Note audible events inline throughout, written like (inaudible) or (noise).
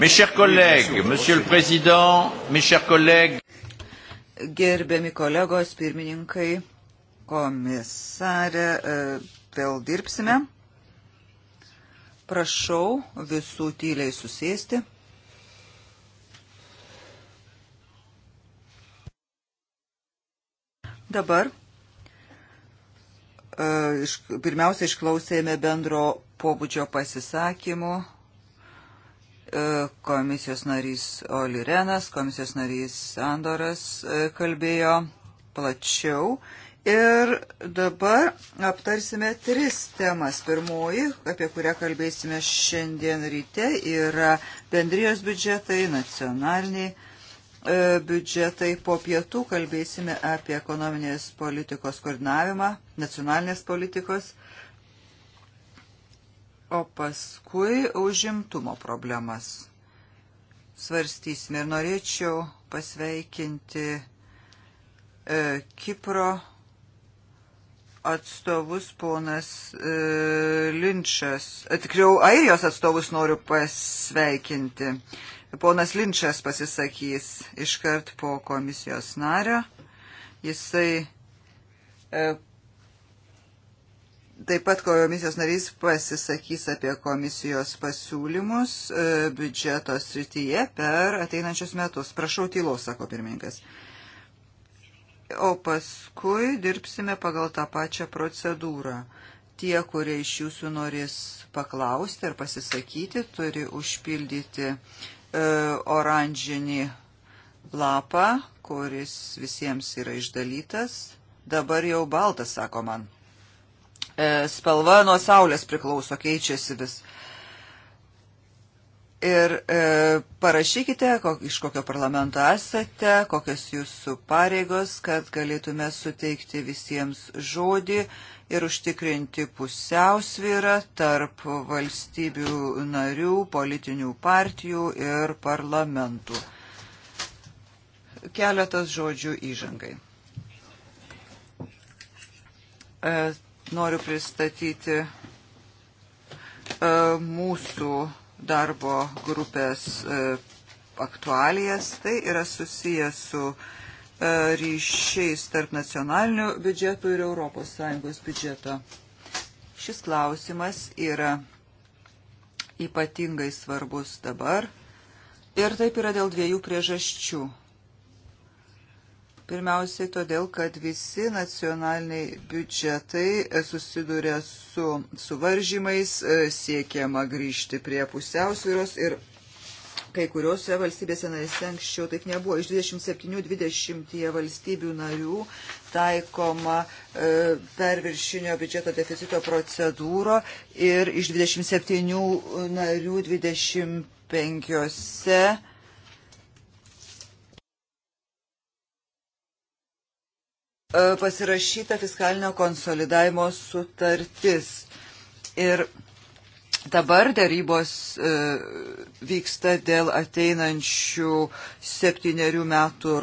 Mes chers collègues, Monsieur le Président, mes chers collègues. Gerbiami kolegos, pirmininkai, komisarė, e, vėl dirbsime. Prašau visų tyliai susėsti. Dabar e, pirmiausia išklausėme bendro pobūdžio pasisakymų. E, komisijos narys Olirenas, komisijos narys Andoras e, kalbėjo plačiau. Ir dabar aptarsime tris temas. Pirmoji, apie kurią kalbėsime šiandien ryte, yra bendrijos biudžetai, nacionaliniai e, biudžetai. Po pietų kalbėsime apie ekonominės politikos koordinavimą, nacionalinės politikos koordinavimą o paskui užimtumo problemas. Svarstysime ir norėčiau pasveikinti e, Kipro atstovus ponas e, Linčas, e, tikriau Airijos atstovus noriu pasveikinti. Ponas Linčas pasisakys iškart po komisijos nario. Jisai e, Taip pat komisijos narys pasisakys apie komisijos pasiūlymus e, biudžeto srityje per ateinančius metus. Prašau tylos, sako pirmininkas. O paskui dirbsime pagal tą pačią procedūrą. Tie, kurie iš jūsų norės paklausti ar pasisakyti, turi užpildyti e, oranžinį lapą, kuris visiems yra išdalytas. Dabar jau baltas, sako man. E, spalva nuo saulės priklauso, keičiasi vis. Ir e, parašykite, kok, iš kokio parlamento esate, kokios jūsų pareigos, kad galėtume suteikti visiems žodį ir užtikrinti pusiausvyrą tarp valstybių narių, politinių partijų ir parlamentų. Keletas žodžių įžangai. E, noriu pristatyti e, mūsų darbo grupės e, aktualijas. Tai yra susijęs su e, ryšiais tarp nacionalinių biudžetų ir ES biudžeto. Šis klausimas yra ypatingai svarbus dabar ir taip yra dėl dviejų priežasčių. Pirmiausiai todėl, kad visi nacionaliniai biudžetai e, susiduria su suvaržymais, e, siekiama grįžti prie pusiausvyros ir kai kuriuose valstybėse narėse anksčiau taip nebuvo. Iš 27-20 valstybių narių taikoma e, perviršinio biudžeto deficito procedūro ir iš 27 narių 25 E, pasirašyta fiskalinio konsolidavimo sutartis. Ir dabar darybos e, vyksta dėl ateinančių septyniarių metų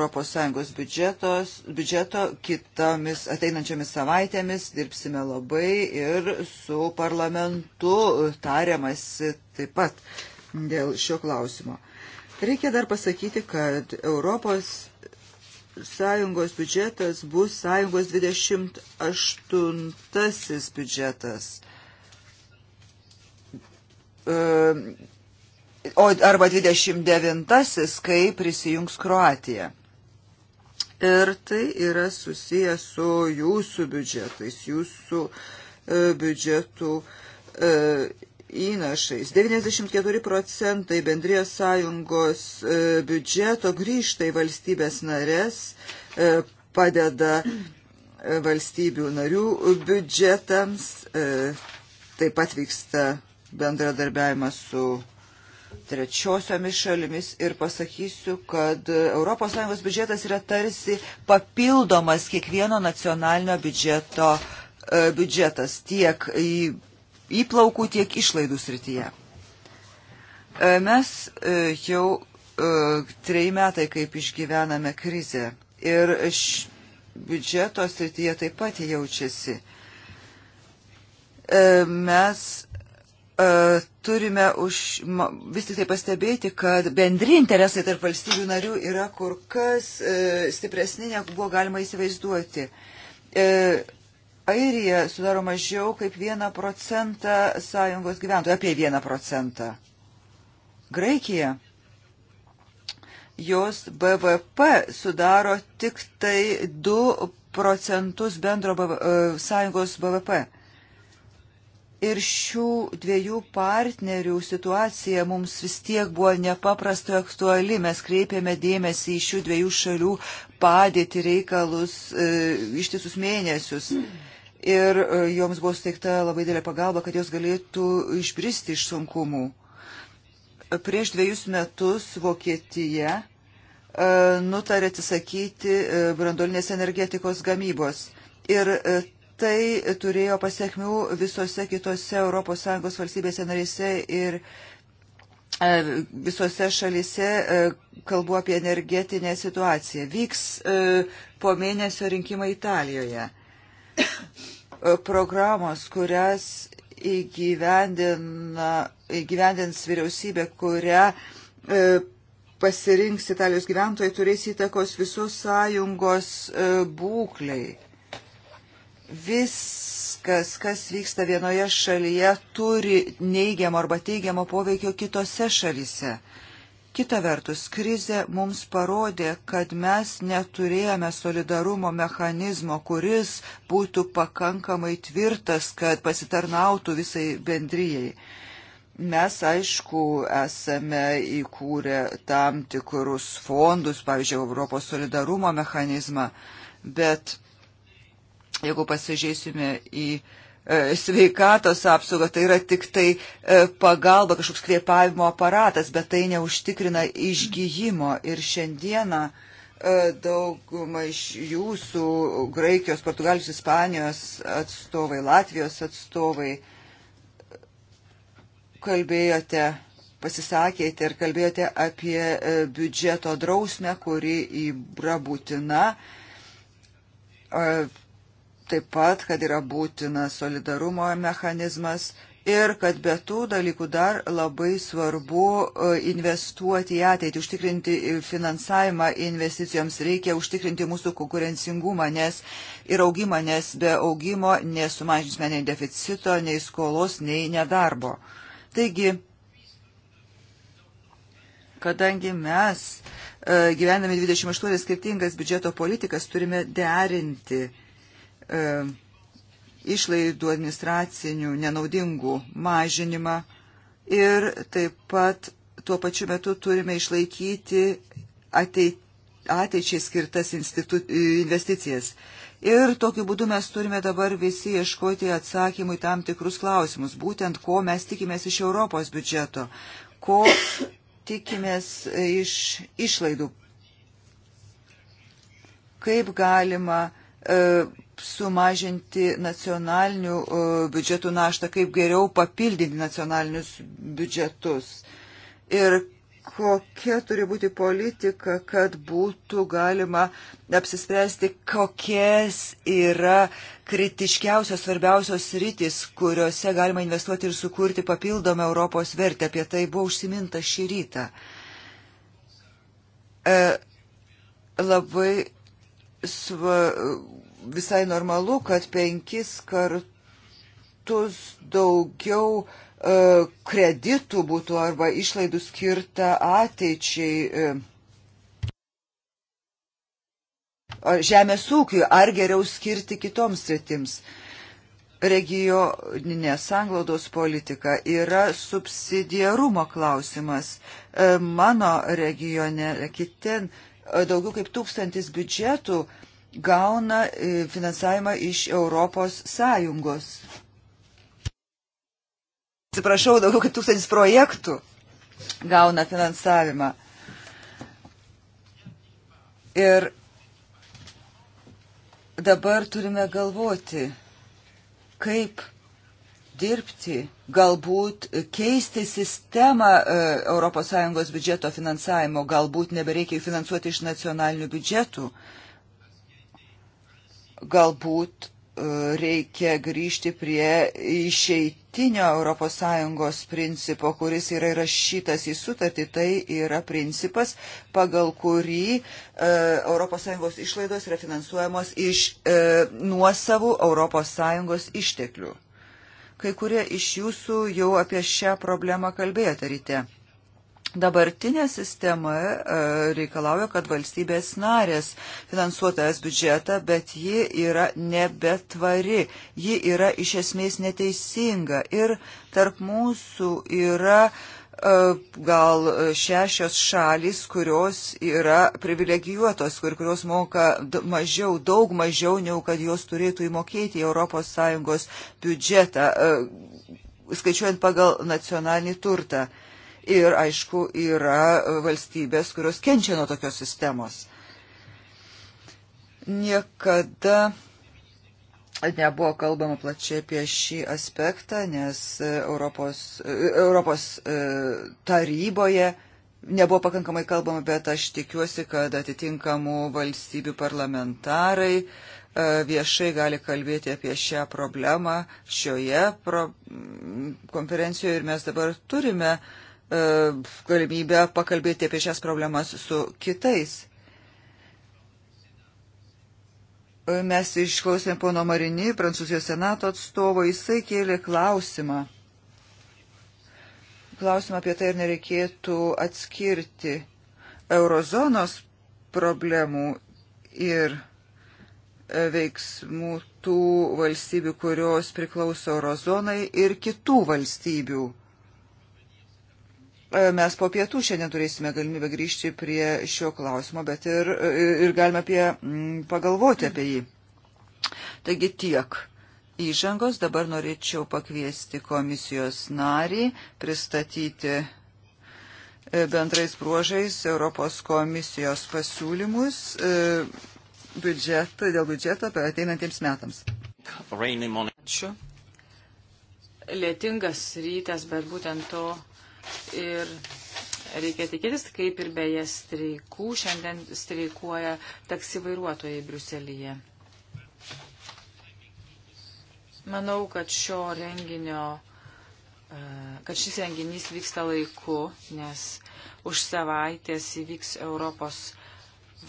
ES biudžetos, biudžeto kitomis ateinančiomis savaitėmis dirbsime labai ir su parlamentu tariamasi taip pat dėl šio klausimo. Reikia dar pasakyti, kad Europos sąjungos biudžetas bus sąjungos 28 biudžetas. E, o arba 29, kai prisijungs Kroatija. Ir tai yra susiję su jūsų biudžetais, jūsų e, biudžetų e, įnašais. 94 procentai bendrijos sąjungos e, biudžeto grįžta į valstybės narės, e, padeda e, valstybių narių biudžetams, taip pat vyksta bendradarbiavimas su trečiosiomis šalimis ir pasakysiu, kad ES biudžetas yra tarsi papildomas kiekvieno nacionalinio biudžeto biudžetas tiek į įplaukų, tiek išlaidų srityje. E, mes e, jau e, trejai metai, kaip išgyvename krizę ir biudžeto srityje taip pat jaučiasi. Mes turime už, vis tik tai pastebėti, kad bendri interesai tarp valstybių narių yra kur kas stipresni, negu buvo galima įsivaizduoti Airija sudaro mažiau kaip 1 procentą sąjungos gyventojų, apie 1 procentą. Graikija jos BVP sudaro tik tai 2 procentus bendro BV, e, sąjungos BVP. Ir šių dviejų partnerių situacija mums vis tiek buvo nepaprastai aktuali. Mes kreipėme dėmesį į šių dviejų šalių padėti reikalus e, ištisus mėnesius. Ir e, joms buvo suteikta labai didelė pagalba, kad jos galėtų išbristi iš sunkumų. Prieš dviejus metus Vokietija e, nutarė atsisakyti e, brandolinės energetikos gamybos. Ir e, tai turėjo pasiekmių visose kitose ES valstybėse narėse ir e, visose šalise, e, kalbu apie energetinę situaciją. Vyks e, po mėnesio rinkimai Italijoje. Programos, kurias įgyvendins vyriausybė, kurią pasirinks Italijos gyventojai, turės įtakos visos sąjungos būkliai viskas, kas vyksta vienoje šalyje, turi neigiamo arba teigiamo poveikio kitose šalyse. Kita vertus, krizė mums parodė, kad mes neturėjome solidarumo mechanizmo, kuris būtų pakankamai tvirtas, kad pasitarnautų visai bendryjai. Mes, aišku, esame įkūrę tam tikrus fondus, pavyzdžiui, Europos solidarumo mechanizmą, bet Jeigu pasižiūrėsime į e, sveikatos apsaugą, tai yra tik tai e, pagalba, kažkoks kvėpavimo aparatas, bet tai neužtikrina išgyjimo. Ir šiandieną e, dauguma iš jūsų, Graikijos, Portugalijos, Ispanijos atstovai, Latvijos atstovai, kalbėjote, pasisakėte ir kalbėjote apie biudžeto drausmę, kuri yra būtina taip pat, kad yra būtina solidarumo mechanizmas ir kad be tų dalykų dar labai svarbu e, investuoti į ateitį, užtikrinti finansavimą investicijoms, reikia užtikrinti mūsų konkurencingumą nes, ir augimą, nes be augimo nesumažinsime nei deficito, nei skolos, nei nedarbo. Taigi, kadangi mes e, gyvename 28 skirtingas biudžeto politikas, turime derinti e, išlaidų administracinių nenaudingų mažinimą ir taip pat tuo pačiu metu turime išlaikyti ateit, ateičiai skirtas institu, e, investicijas. Ir tokiu būdu mes turime dabar visi ieškoti atsakymų į tam tikrus klausimus, būtent ko mes tikimės iš Europos biudžeto, ko tikimės iš išlaidų, kaip galima e, sumažinti nacionalinių e, biudžetų naštą, kaip geriau papildyti nacionalinius biudžetus. Ir kokia turi būti politika, kad būtų galima apsispręsti, kokias yra kritiškiausios, svarbiausios rytis, kuriuose galima investuoti ir sukurti papildomą Europos vertę. Apie tai buvo užsiminta šį rytą. E, labai sva, visai normalu, kad penkis kartus daugiau e, kreditų būtų arba išlaidų skirta ateičiai. E, žemės ūkiui, ar geriau skirti kitoms sritims. Regioninė sanglaudos politika yra subsidiarumo klausimas. E, mano regione, kiten, daugiau kaip tūkstantis biudžetų gauna e, finansavimą iš Europos Sąjungos. Atsiprašau, daugiau kaip tūkstantis projektų gauna finansavimą. Ir dabar turime galvoti, kaip dirbti, galbūt keisti sistemą ES biudžeto finansavimo, galbūt nebereikia finansuoti iš nacionalinių biudžetų. Uh, Galbūt e, reikia grįžti prie išeitinio ES principo, kuris yra įrašytas į sutartį. Tai yra principas, pagal kurį ES išlaidos yra finansuojamos iš e, nuosavų ES išteklių. Kai kurie iš jūsų jau apie šią problemą kalbėjote ryte. Dabartinė sistema e, reikalauja, kad valstybės narės finansuotojas biudžetą, bet ji yra nebetvari, ji yra iš esmės neteisinga ir tarp mūsų yra e, gal šešios šalis, kurios yra privilegijuotos, kur, kurios moka mažiau, daug mažiau, negu kad jos turėtų įmokėti į ES biudžetą, e, skaičiuojant pagal nacionalinį turtą ir, aišku, yra valstybės, kurios kenčia nuo tokios sistemos. Niekada nebuvo kalbama plačiai apie šį aspektą, nes Europos, Europos e, taryboje nebuvo pakankamai kalbama, bet aš tikiuosi, kad atitinkamų valstybių parlamentarai e, viešai gali kalbėti apie šią problemą šioje pro konferencijoje ir mes dabar turime uh, E, galimybę pakalbėti apie šias problemas su kitais. E, mes išklausėm pono Marini, Prancūzijos senato atstovo, jisai kėlė klausimą. Klausimą apie tai ir nereikėtų atskirti eurozonos problemų ir e, veiksmų tų valstybių, kurios priklauso eurozonai ir kitų valstybių E, mes po pietų šiandien turėsime galimybę grįžti prie šio klausimo, bet ir, e, ir galime apie, pagalvoti apie jį. Taigi tiek įžangos. Dabar norėčiau pakviesti komisijos narį, pristatyti e, bendrais bruožais Europos komisijos pasiūlymus biudžetą, dėl biudžeto ateinantiems metams. Ačiū. Lėtingas rytas, bet būtent to Ir reikia tikėtis, kaip ir beje streikų, šiandien streikuoja taksi vairuotojai Briuselyje. Manau, kad šio renginio, e, kad šis renginys vyksta laiku, nes už savaitės įvyks Europos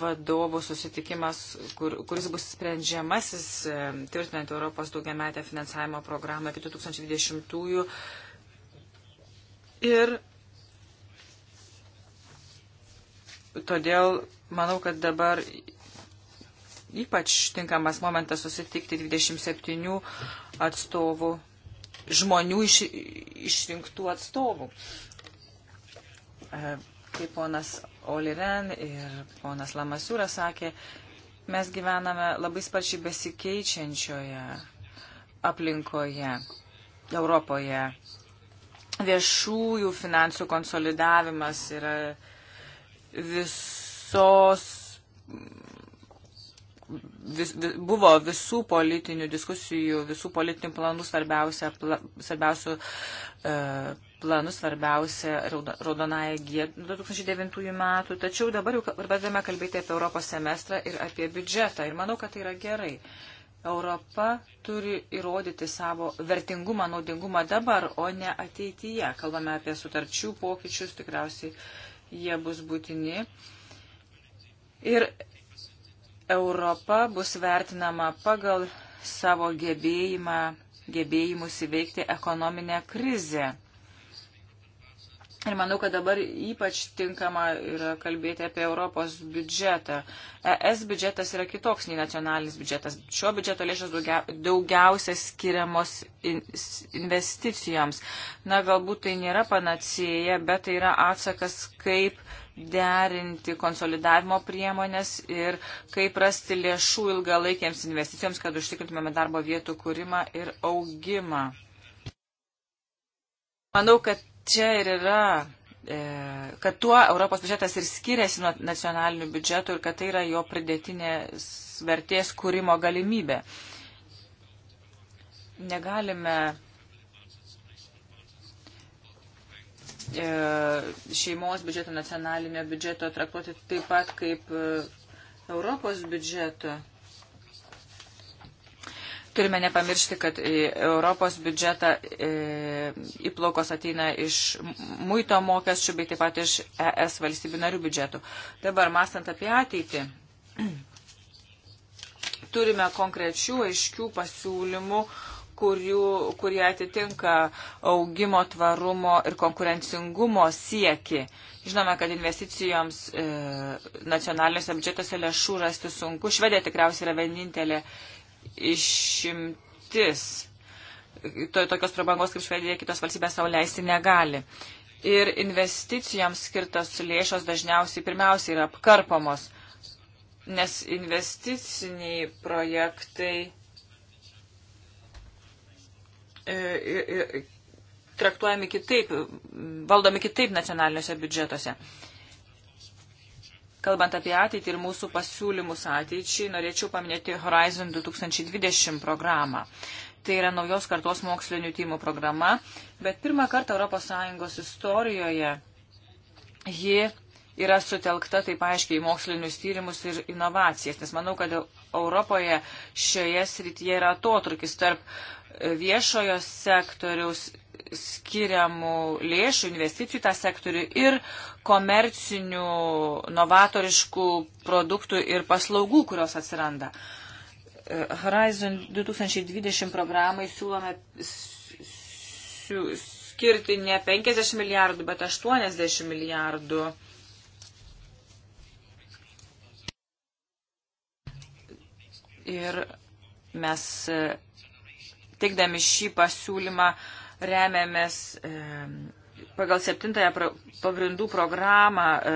vadovų susitikimas, kur, kuris bus sprendžiamasis, e, tvirtinant Europos daugiametę finansavimo programą iki 2020-ųjų Ir todėl manau, kad dabar ypač tinkamas momentas susitikti 27 atstovų, žmonių iš, išrinktų atstovų. E, kaip ponas Oliren ir ponas Lamasiūras sakė, mes gyvename labai sparčiai besikeičiančioje aplinkoje Europoje viešųjų finansų konsolidavimas yra visos. Vis, vis, buvo visų politinių diskusijų, visų politinių planų svarbiausia, pla, svarbiausių e, planų svarbiausia raudonąją G 2009 metų, tačiau dabar jau pradedame kalbėti apie Europos semestrą ir apie biudžetą ir manau, kad tai yra gerai. E, Europa turi įrodyti savo vertingumą, naudingumą dabar, o ne ateityje. Kalbame apie sutarčių pokyčius, tikriausiai jie bus būtini. Ir Europa bus vertinama pagal savo gebėjimą, gebėjimus įveikti ekonominę krizę. Ir manau, kad dabar ypač tinkama yra kalbėti apie Europos biudžetą. ES biudžetas yra kitoks nei nacionalinis biudžetas. Šio biudžeto lėšos daugia, daugiausia skiriamos in, investicijoms. Na, galbūt tai nėra panacėja, bet tai yra atsakas, kaip derinti konsolidavimo priemonės ir kaip rasti lėšų ilgalaikiams investicijoms, kad užtikrintumėme darbo vietų kūrimą ir augimą. Manau, kad čia ir yra, e, kad tuo Europos biudžetas ir skiriasi nuo nacionalinių biudžetų ir kad tai yra jo pridėtinės vertės kūrimo galimybė. Negalime e, šeimos biudžeto, nacionalinio biudžeto traktuoti taip pat kaip e, Europos biudžeto. Turime nepamiršti, kad Europos biudžetą įplaukos ateina iš muito mokesčių, bei taip pat iš ES valstybių narių biudžetų. Dabar, mąstant apie ateitį, (clears throat) turime konkrečių, aiškių pasiūlymų, kurių, kurie atitinka augimo, tvarumo ir konkurencingumo sieki. Žinome, kad investicijoms e, nacionaliniuose biudžetuose lėšų rasti sunku. Švedija tikriausiai yra vienintelė išimtis to, tokios prabangos kaip Švedija kitos valstybės savo leisti negali. Ir investicijoms skirtos lėšos dažniausiai pirmiausiai yra apkarpomos, nes investiciniai projektai e, e, e, traktuojami kitaip, valdomi kitaip nacionaliniuose biudžetuose. Kalbant apie ateitį ir mūsų pasiūlymus ateičiai, norėčiau paminėti Horizon 2020 programą. Tai yra naujos kartos mokslinių tyrimų programa, bet pirmą kartą ES istorijoje ji yra sutelkta taip aiškiai į mokslinius tyrimus ir inovacijas, nes manau, kad Europoje šioje srityje yra atotrukis tarp e, viešojo sektoriaus skiriamų lėšų investicijų į tą sektorių ir komercinių novatoriškų produktų ir paslaugų, kurios atsiranda. Uh, Horizon 2020 programai siūlome skirti ne 50 milijardų, bet 80 milijardų. Ir mes e, teikdami šį pasiūlymą remiamės e, pagal septintąją pro, pagrindų programą e,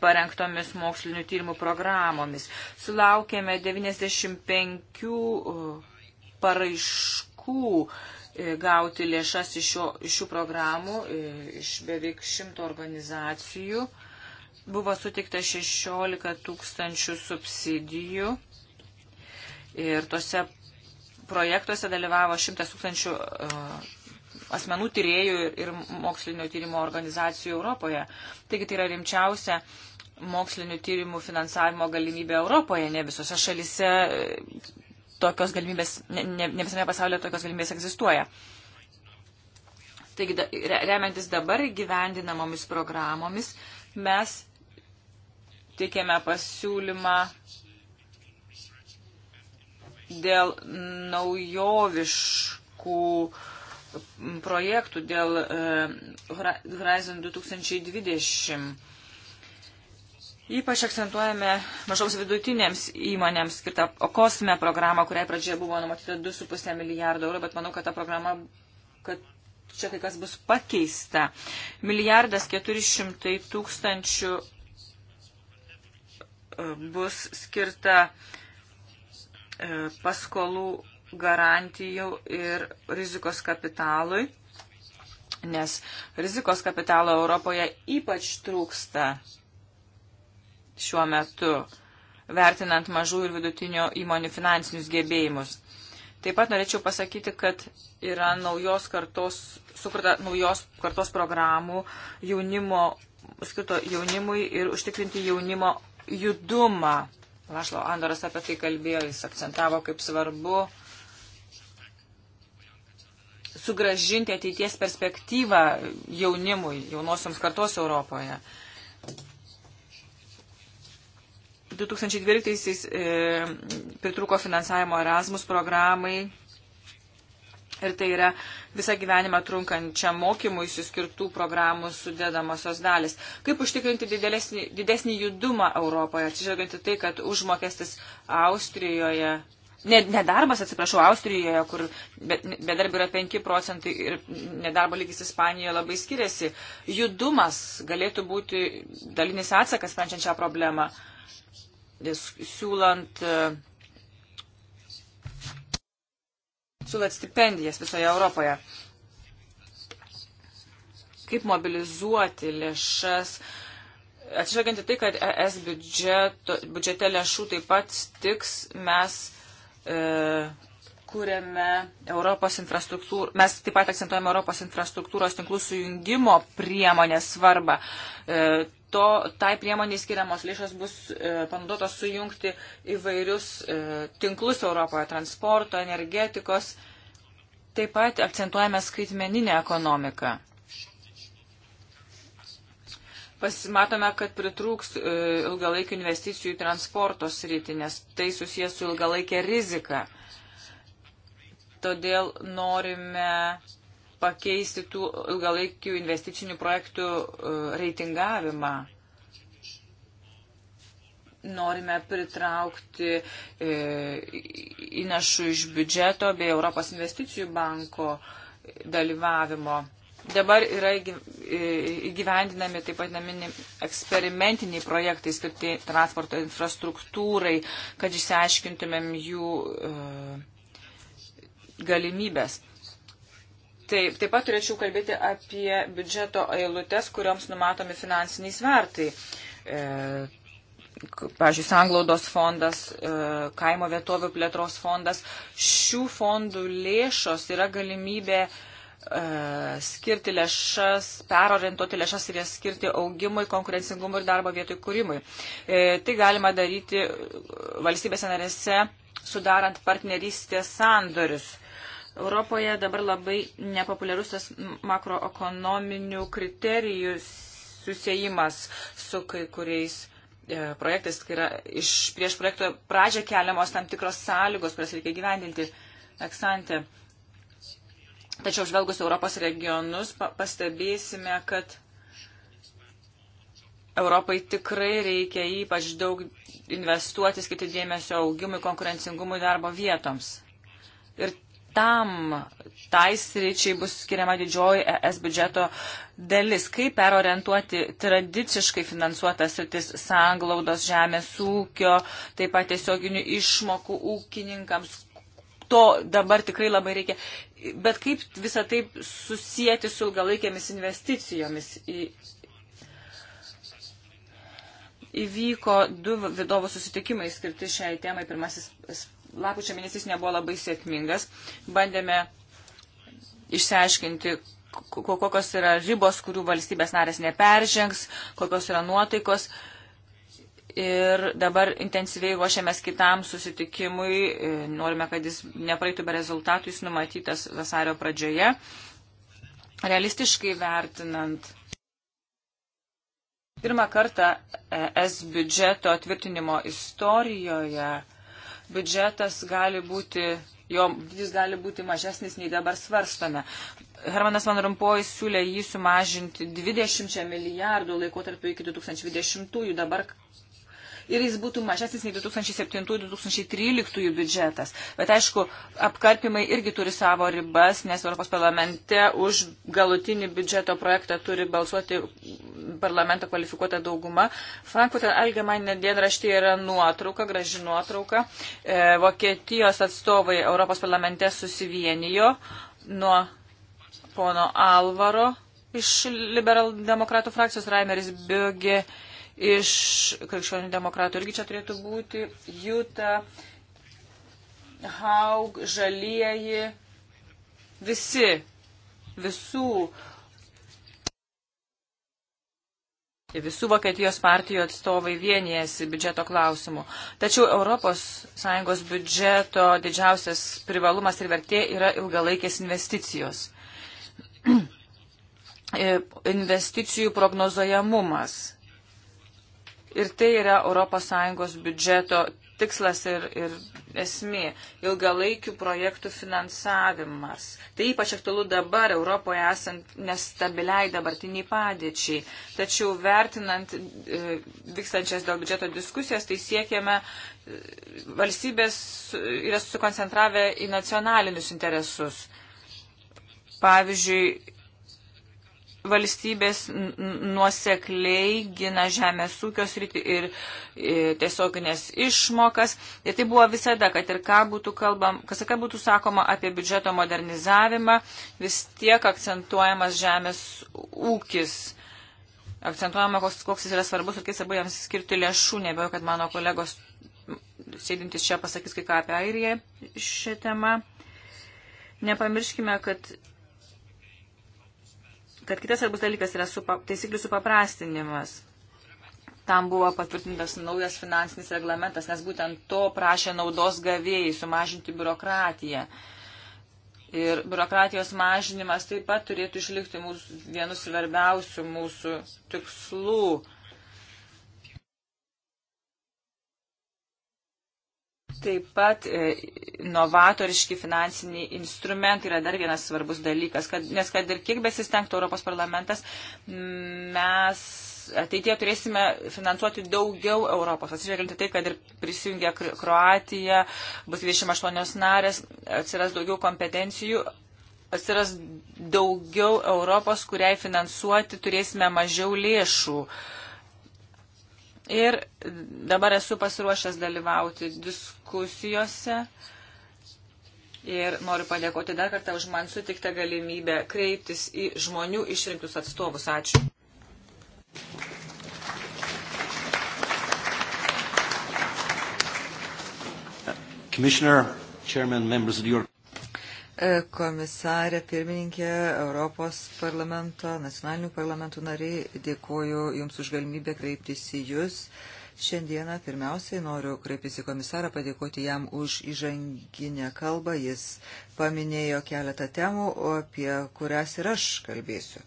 parengtomis mokslinių tyrimų programomis. Sulaukėme 95 e, paraiškų e, gauti lėšas iš, šio, iš šių programų, e, iš beveik šimto organizacijų. Buvo sutikta 16 tūkstančių subsidijų ir tose projektuose dalyvavo 100 tūkstančių. E, asmenų tyriejų ir, ir mokslinio tyrimo organizacijų Europoje. Taigi tai yra rimčiausia mokslinio tyrimų finansavimo galimybė Europoje, ne visose šalise e, tokios galimybės, ne, ne, ne visame pasaulyje tokios galimybės egzistuoja. Taigi, remiantis dabar gyvendinamomis programomis, mes tikėme pasiūlymą dėl naujoviškų uh, projektų dėl e, Horizon 2020. Ypač akcentuojame mažoms vidutinėms įmonėms skirtą kosme programą, kuriai pradžioje buvo numatyta 2,5 milijardo eurų, bet manau, kad ta programa, kad čia kai kas bus pakeista. Milijardas 400 tūkstančių e, bus skirta e, paskolų garantijų ir rizikos kapitalui, nes rizikos kapitalo Europoje ypač trūksta šiuo metu, vertinant mažų ir vidutinio įmonių finansinius gebėjimus. Taip pat norėčiau pasakyti, kad yra naujos kartos, sukurta naujos kartos programų jaunimo, skirto jaunimui ir užtikrinti jaunimo judumą. Lašlo Andoras apie tai kalbėjo, jis akcentavo, kaip svarbu sugražinti ateities perspektyvą jaunimui, jaunosioms kartos Europoje. 2012-aisiais e, pritruko finansavimo Erasmus programai ir tai yra visą gyvenimą trunkančią mokymui suskirtų programų sudėdamosios dalis. Kaip užtikrinti didesnį, didesnį judumą Europoje, atsižvelgiant į tai, kad užmokestis Austrijoje nedarbas, ne atsiprašau, Austrijoje, kur bedarbi yra 5 procentai ir nedarbo lygis Ispanijoje labai skiriasi. Judumas galėtų būti dalinis atsakas sprendžiant šią problemą, siūlant, e, siūlant stipendijas visoje Europoje. Kaip mobilizuoti lėšas? Atsižvelgiant į tai, kad ES biudžeto, biudžete lėšų taip pat stiks, mes E, kūrėme Europos infrastruktūrų, mes taip pat akcentuojame Europos infrastruktūros tinklų sujungimo priemonės svarbą. E, to, tai priemonė skiriamos lėšos bus e, panaudotos sujungti įvairius tinklus Europoje - transporto, energetikos. Taip pat akcentuojame skaitmeninę ekonomiką. Pasimatome, kad pritrūks e, ilgalaikių investicijų į transporto sritį, nes tai susijęs su ilgalaikė rizika. Todėl norime pakeisti tų ilgalaikių investicinių projektų e, reitingavimą. Norime pritraukti e, įnašų iš biudžeto bei Europos investicijų banko dalyvavimo. Dabar yra įgyvendinami taip pat namini eksperimentiniai projektai skirti transporto infrastruktūrai, kad išsiaiškintumėm jų e, galimybės. Taip, taip pat turėčiau kalbėti apie biudžeto eilutes, kurioms numatomi finansiniai svertai. E, Pavyzdžiui, Sanglaudos fondas, e, kaimo vietovių plėtros fondas. Šių fondų lėšos yra galimybė e, E, skirti lėšas, perorientuoti lėšas ir jas skirti augimui, konkurencingumui ir darbo vietų įkūrimui. E, tai galima daryti valstybėse narėse, sudarant partnerystės sandorius. Europoje dabar labai nepopuliarus tas makroekonominių kriterijų susijimas su kai kuriais e, projektais, kai yra iš prieš projekto pradžią keliamos tam tikros sąlygos, kurias reikia gyvendinti eksantė. Tačiau žvelgus Europos regionus pastebėsime, kad Europai tikrai reikia ypač daug investuoti, skirti dėmesio augimui, konkurencingumui darbo vietoms. Ir tam tai sričiai bus skiriama didžioji ES biudžeto dalis. Kaip perorientuoti tradiciškai finansuotas sritis sanglaudos žemės ūkio, taip pat tiesioginių išmokų ūkininkams, to dabar tikrai labai reikia. Bet kaip visą tai susijęti su ilgalaikėmis investicijomis į, įvyko du vadovų susitikimai skirti šiai temai. Pirmasis lapučio mėnesis nebuvo labai sėkmingas. Bandėme išsiaiškinti, kokios yra ribos, kurių valstybės narės neperžengs, kokios yra nuotaikos. Uh, Ir dabar intensyviai ruošiamės kitam susitikimui, e, norime, kad jis nepraeitų be rezultatų, jis numatytas vasario pradžioje. Realistiškai vertinant, pirmą kartą e S biudžeto atvirtinimo istorijoje biudžetas gali būti, jo dydis gali būti mažesnis nei dabar svarstame. Hermanas Van Rumpojus siūlė jį sumažinti 20 milijardų laikotarpiu iki 2020-ųjų, dabar ir jis būtų mažesnis nei 2007-2013 biudžetas. Bet aišku, apkarpimai irgi turi savo ribas, nes Europos parlamente už galutinį biudžeto projektą turi balsuoti parlamento kvalifikuota dauguma. Frankfurter Allgemeine dienraštyje yra nuotrauka, graži nuotrauka. E, Vokietijos atstovai Europos parlamente susivienijo nuo pono Alvaro iš liberaldemokratų frakcijos Raimeris Biogė iš krikščionių demokratų irgi čia turėtų būti Juta, Haug, Žalieji, visi, visų. Visų Vokietijos partijų atstovai vienijasi biudžeto klausimu. Tačiau ES biudžeto didžiausias privalumas ir vertė yra ilgalaikės investicijos. (clears throat) E, investicijų prognozojamumas Ir tai yra ES biudžeto tikslas ir, ir esmė - ilgalaikių projektų finansavimas. Tai ypač aktualu dabar Europoje esant nestabiliai dabartiniai padėčiai. Tačiau vertinant e, vykstančias dėl biudžeto diskusijas, tai siekiame, e, valstybės yra susikoncentravę į nacionalinius interesus. Pavyzdžiui, valstybės nuosekliai gina žemės ūkio sritį ir, ir tiesioginės išmokas. Ir tai buvo visada, kad ir ką būtų, kalbam, kas, ką būtų sakoma apie biudžeto modernizavimą, vis tiek akcentuojamas žemės ūkis. Akcentuojama, koks, koks jis yra svarbus ir kaip svarbu jiems skirti lėšų. Nebejoju, kad mano kolegos sėdintis čia pasakys kai ką apie Airiją šią temą. Nepamirškime, kad kad kitas svarbus dalykas yra supa, taisyklių supaprastinimas. Tam buvo patvirtintas naujas finansinis reglamentas, nes būtent to prašė naudos gavėjai sumažinti biurokratiją. Ir biurokratijos mažinimas taip pat turėtų išlikti mūsų, vienu svarbiausių mūsų tikslų. Taip pat e, novatoriški finansiniai instrumentai yra dar vienas svarbus dalykas, kad, nes kad ir kiek besistengtų Europos parlamentas, mes ateitie turėsime finansuoti daugiau Europos. Atsižvelgiant tai, kad ir prisijungia Kroatija, bus 28 narės, atsiras daugiau kompetencijų, atsiras daugiau Europos, kuriai finansuoti turėsime mažiau lėšų. Uh, Ir dabar esu pasiruošęs dalyvauti diskusijose. Ir noriu padėkoti dar kartą už man sutiktą galimybę kreiptis į žmonių išrinktus atstovus. Ačiū. Commissioner, Chairman, members of the European E, komisarė, pirmininkė, Europos parlamento, nacionalinių parlamentų nariai, dėkoju Jums už galimybę kreiptis į Jūs. Šiandieną pirmiausiai noriu kreiptis į komisarą, padėkoti jam už įžanginę kalbą. Jis paminėjo keletą temų, apie kurias ir aš kalbėsiu.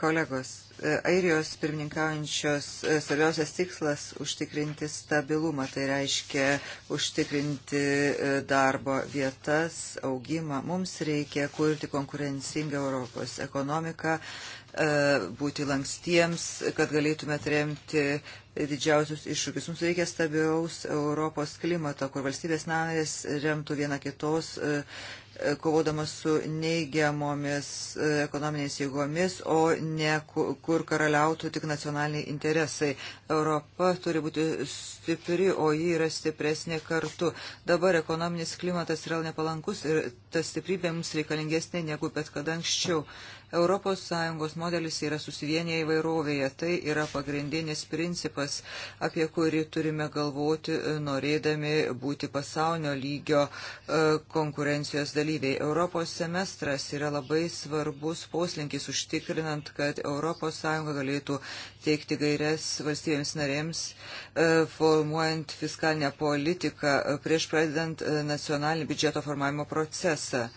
Kolegos, e, Airijos pirmininkaujančios e, svarbiausias tikslas - užtikrinti stabilumą, tai reiškia užtikrinti e, darbo vietas, augimą. Mums reikia kurti konkurencingą Europos ekonomiką, būti lankstiems, kad galėtume atremti didžiausius iššūkius. Mums reikia stabiaus Europos klimato, kur valstybės narės remtų viena kitos kovodamas su neigiamomis e, ekonominės jėgomis, o ne kur karaliautų tik nacionaliniai interesai. Europa turi būti stipri, o ji yra stipresnė kartu. Dabar ekonominis klimatas yra nepalankus ir ta stiprybė mums reikalingesnė negu bet kada anksčiau. Uh, ES modelis yra susivienyje įvairovėje. Tai yra pagrindinis principas, apie kurį turime galvoti, e, norėdami būti pasaulio lygio e, konkurencijos dalyviai. Europos semestras yra labai svarbus poslinkis užtikrinant, kad ES galėtų teikti gairias valstybėms narėms, e, formuojant fiskalinę politiką prieš pradedant nacionalinį biudžeto formavimo procesą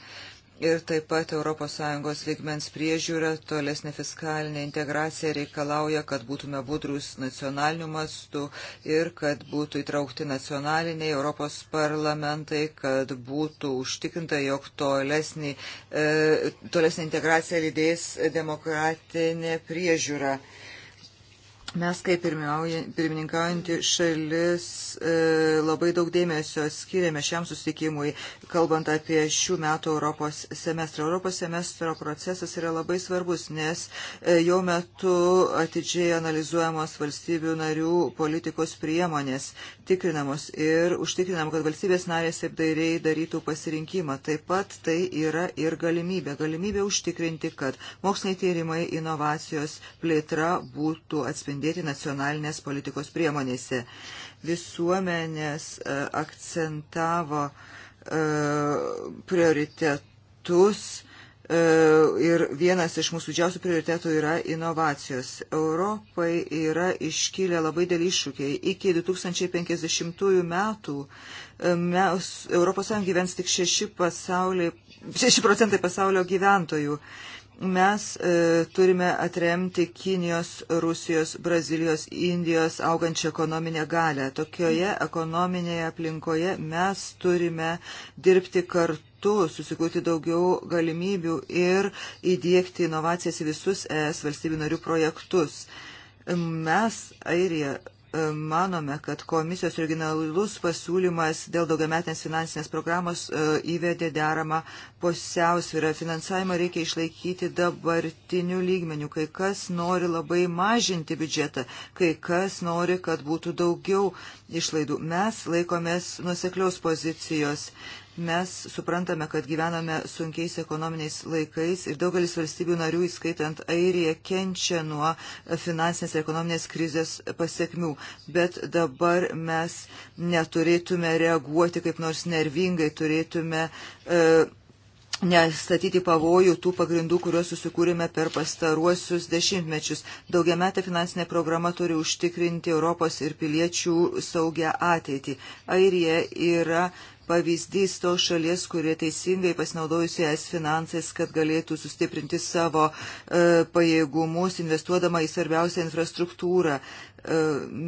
ir taip pat ES lygmens priežiūra, tolesnė fiskalinė integracija reikalauja, kad būtume budrus nacionaliniu mastu ir kad būtų įtraukti nacionaliniai Europos parlamentai, kad būtų užtikrinta, jog tolesnė, e, tolesnė integracija lydės demokratinė priežiūra. E, Mes kaip pirmininkaujantį šalis e, labai daug dėmesio skiriame šiam susitikimui, kalbant apie šių metų Europos semestrą. Europos semestro procesas yra labai svarbus, nes e, jo metu atidžiai analizuojamos valstybių narių politikos priemonės, tikrinamos ir užtikrinam, kad valstybės narės ir dairiai darytų pasirinkimą. Taip pat tai yra ir galimybė. Galimybė užtikrinti, kad moksliniai tyrimai, inovacijos, plėtra būtų atspindėti atsispindėti nacionalinės politikos priemonėse. Visuomenės e, akcentavo e, prioritetus e, ir vienas iš mūsų didžiausių prioritetų yra inovacijos. Europai yra iškilę labai dėl iššūkiai. Iki 2050 metų mes, Europos Sąjunga gyvens tik 6, pasauliai, 6 procentai pasaulio gyventojų mes e, turime atremti Kinijos, Rusijos, Brazilijos, Indijos augančią ekonominę galę. Tokioje ekonominėje aplinkoje mes turime dirbti kartu, susikurti daugiau galimybių ir įdėkti inovacijas į visus ES valstybių narių projektus. Mes, Airija, manome, kad komisijos originalus pasiūlymas dėl daugiametės finansinės programos e, įvedė deramą pusiausvyrą. Finansavimą reikia išlaikyti dabartinių lygmenių. Kai kas nori labai mažinti biudžetą, kai kas nori, kad būtų daugiau išlaidų. Mes laikomės nuseklios pozicijos. Mes suprantame, kad gyvename sunkiais ekonominiais laikais ir daugelis valstybių narių, įskaitant Airiją, kenčia nuo finansinės ir ekonominės krizės pasiekmių. Bet dabar mes neturėtume reaguoti kaip nors nervingai, turėtume. E, nestatyti pavojų tų pagrindų, kuriuos susikūrėme per pastaruosius dešimtmečius. Daugiametė finansinė programa turi užtikrinti Europos ir piliečių saugę ateitį. Airija yra pavyzdys to šalies, kurie teisingai pasinaudojusi es finansais, kad galėtų sustiprinti savo e, pajėgumus, investuodama į svarbiausią infrastruktūrą. E,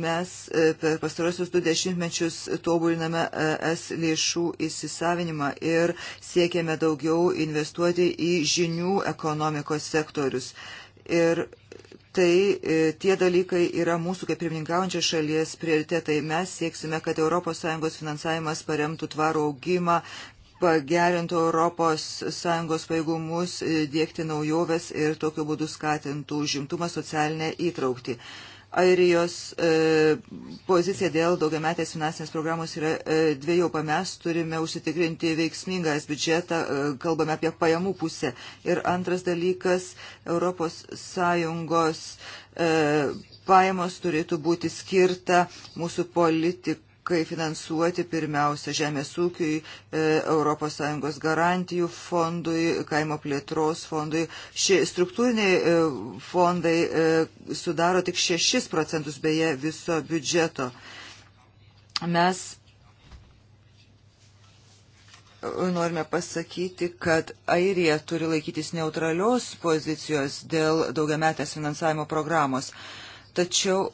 mes e, per pastarosius du dešimtmečius tobuliname e, es lėšų įsisavinimą ir siekiame daugiau investuoti į žinių ekonomikos sektorius. Ir tai e, tie dalykai yra mūsų kaip pirmininkaujančios šalies prioritetai. Mes sieksime, kad ES finansavimas paremtų tvarų augimą, pagerintų ES pajėgumus, e, dėkti naujoves ir tokiu būdu skatintų užimtumą socialinę įtraukti. Airijos e, pozicija dėl daugiametės finansinės programos yra e, dviejopa. Mes turime užsitikrinti veiksmingas biudžetą, e, kalbame apie pajamų pusę. Ir antras dalykas, ES e, pajamos turėtų būti skirta mūsų politikų kai finansuoti pirmiausia žemės ūkiui, e, ES garantijų fondui, kaimo plėtros fondui. Šie struktūriniai e, fondai e, sudaro tik 6 procentus beje viso biudžeto. Mes norime pasakyti, kad Airija turi laikytis neutralios pozicijos dėl daugiametės finansavimo programos. Tačiau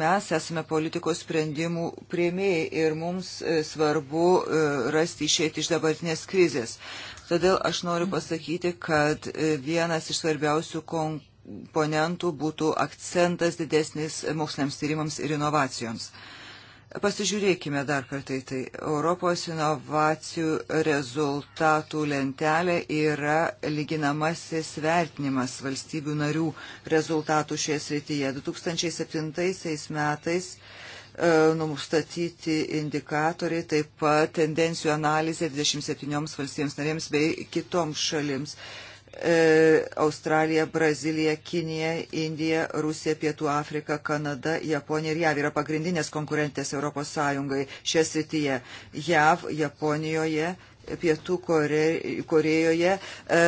mes esame politikos sprendimų prieimėjai ir mums e, svarbu e, rasti išėti iš dabartinės krizės. Todėl aš noriu pasakyti, kad e, vienas iš svarbiausių komponentų būtų akcentas didesnis moksliniams tyrimams ir inovacijoms. Pasižiūrėkime dar kartą į tai. Europos inovacijų rezultatų lentelė yra lyginamasis vertinimas valstybių narių rezultatų šioje srityje. 2007 metais e, nustatyti indikatoriai, taip pat tendencijų analizė 27 valstybėms narėms bei kitoms šalims. E, Australija, Brazilija, Kinija, Indija, Rusija, Pietų Afrika, Kanada, Japonija ir JAV yra pagrindinės konkurentės Europos Sąjungai šioje srityje. JAV, Japonijoje, Pietų Kore, Korejoje e,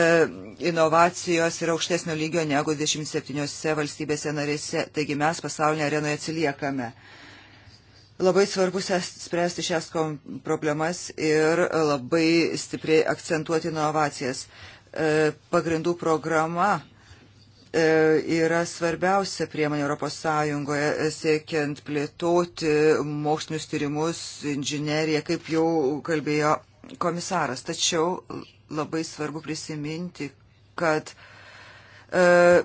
inovacijos yra aukštesnio lygio negu 27 valstybėse narėse, taigi mes pasaulinėje arenoje atsiliekame. Labai svarbu spręsti šias problemas ir labai stipriai akcentuoti inovacijas. E, E, pagrindų programa e, yra svarbiausia priemonė ES e, siekiant plėtoti mokslinius tyrimus, inžineriją, kaip jau kalbėjo komisaras. Tačiau labai svarbu prisiminti, kad e,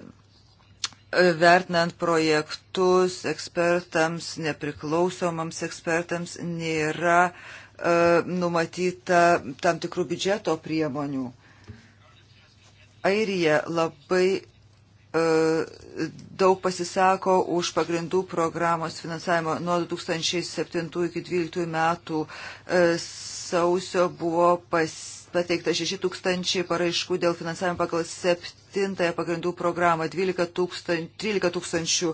vertinant projektus ekspertams, nepriklausomams ekspertams, nėra e, numatyta tam tikrų biudžeto priemonių. E, Airija labai e, daug pasisako už pagrindų programos finansavimo. Nuo 2007 iki 2012 metų e, sausio buvo pateikta 6 tūkstančiai paraiškų dėl finansavimo pagal 7 pagrindų programą, 12 tūkstančių, 13 e, tūkstančių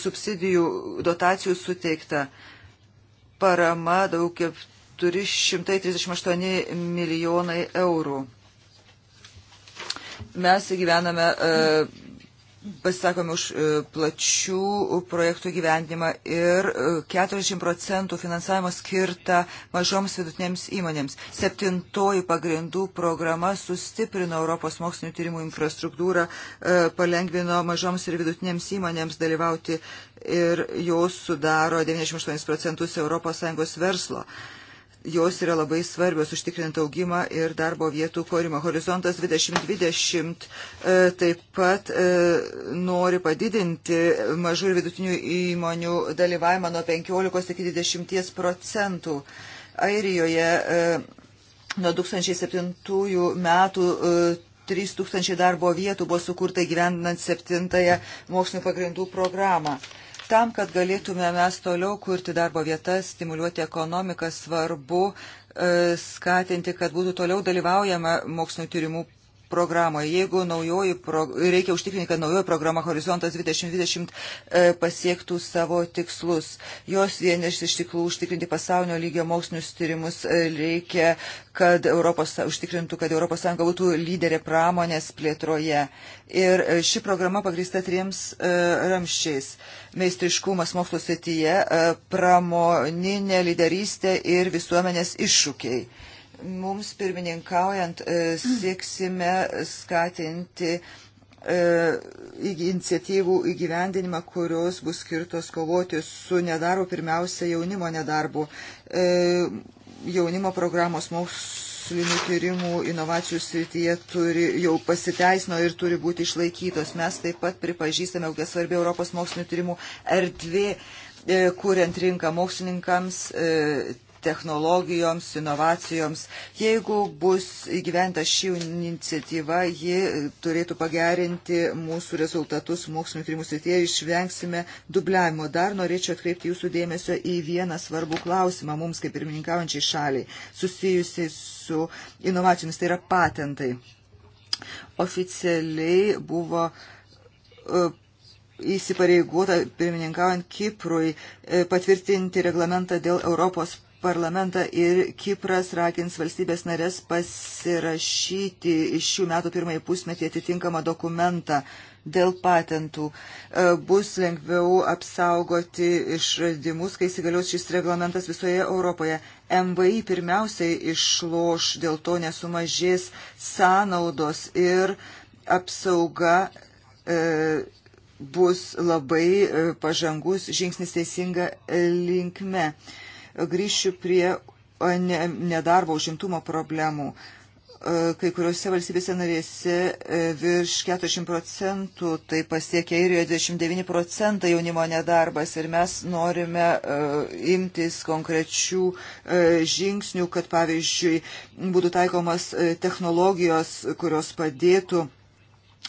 subsidijų dotacijų suteikta. Parama daug kaip 438 milijonai eurų. Mes gyvename, e, pasisakome už e, plačių projektų gyvendimą ir 40 e, procentų finansavimo skirta mažoms vidutinėms įmonėms. Septintoji pagrindų programa sustiprino Europos mokslinio tyrimų infrastruktūrą, palengvino mažoms ir vidutinėms įmonėms dalyvauti ir jos sudaro 98 procentus ES verslo jos yra labai svarbios užtikrinant augimą ir darbo vietų korimą. Horizontas 2020 e, taip pat e, nori padidinti mažų ir vidutinių įmonių dalyvavimą nuo 15 iki 20 procentų. Airijoje e, nuo 2007 metų 3000 darbo vietų buvo sukurta gyvendinant septintąją mokslinio pagrindų programą. Tam, kad galėtume mes toliau kurti darbo vietas, stimuliuoti ekonomiką, svarbu e, skatinti, kad būtų toliau dalyvaujama mokslinio tyrimų programoje. Jeigu naujoji, pro, reikia užtikrinti, kad naujoji programa Horizontas 2020 e, pasiektų savo tikslus. Jos vienas iš tiklų užtikrinti pasaulio lygio mokslinius tyrimus e, reikia, kad Europos, užtikrintų, kad ES būtų lyderė pramonės plėtroje. Ir e, ši programa pagrįsta trims e, ramščiais - meistriškumas mokslo srityje, e, pramoninė lyderystė ir visuomenės iššūkiai. E, Mums pirmininkaujant e, sieksime skatinti e, iniciatyvų įgyvendinimą, kurios bus skirtos kovoti su nedarbu, pirmiausia, jaunimo nedarbu. E, jaunimo programos mokslinių tyrimų inovacijų srityje turi, jau pasiteisino ir turi būti išlaikytos. Mes taip pat pripažįstame, kokia svarbi Europos mokslinių tyrimų erdvė, kuriant rinką mokslininkams, technologijoms, inovacijoms. Jeigu bus įgyventa ši iniciatyva, ji turėtų pagerinti mūsų rezultatus mokslinio tyrimų srityje ir išvengsime dubliavimo. Dar norėčiau atkreipti jūsų dėmesio į vieną svarbų klausimą mums kaip pirmininkaujančiai šaliai, susijusi su inovacijomis, tai yra patentai. Oficialiai buvo uh, įsipareigota pirmininkaujant Kiprui e, patvirtinti reglamentą dėl Europos parlamentą ir Kipras rakins valstybės narės pasirašyti iš šių metų pirmąjį pusmetį atitinkamą dokumentą dėl patentų. E, bus lengviau apsaugoti išradimus, kai įsigalios šis reglamentas visoje Europoje. MVI pirmiausiai išloš, dėl to nesumažės sąnaudos ir apsauga. E, bus labai e, pažangus žingsnis teisinga linkme grįšiu prie nedarbo užimtumo problemų. E, kai kuriuose valstybėse narėse e, virš 40 procentų, tai pasiekia ir 29 procentai jaunimo nedarbas ir mes norime e, imtis konkrečių žingsnių, kad pavyzdžiui būtų taikomas technologijos, kurios padėtų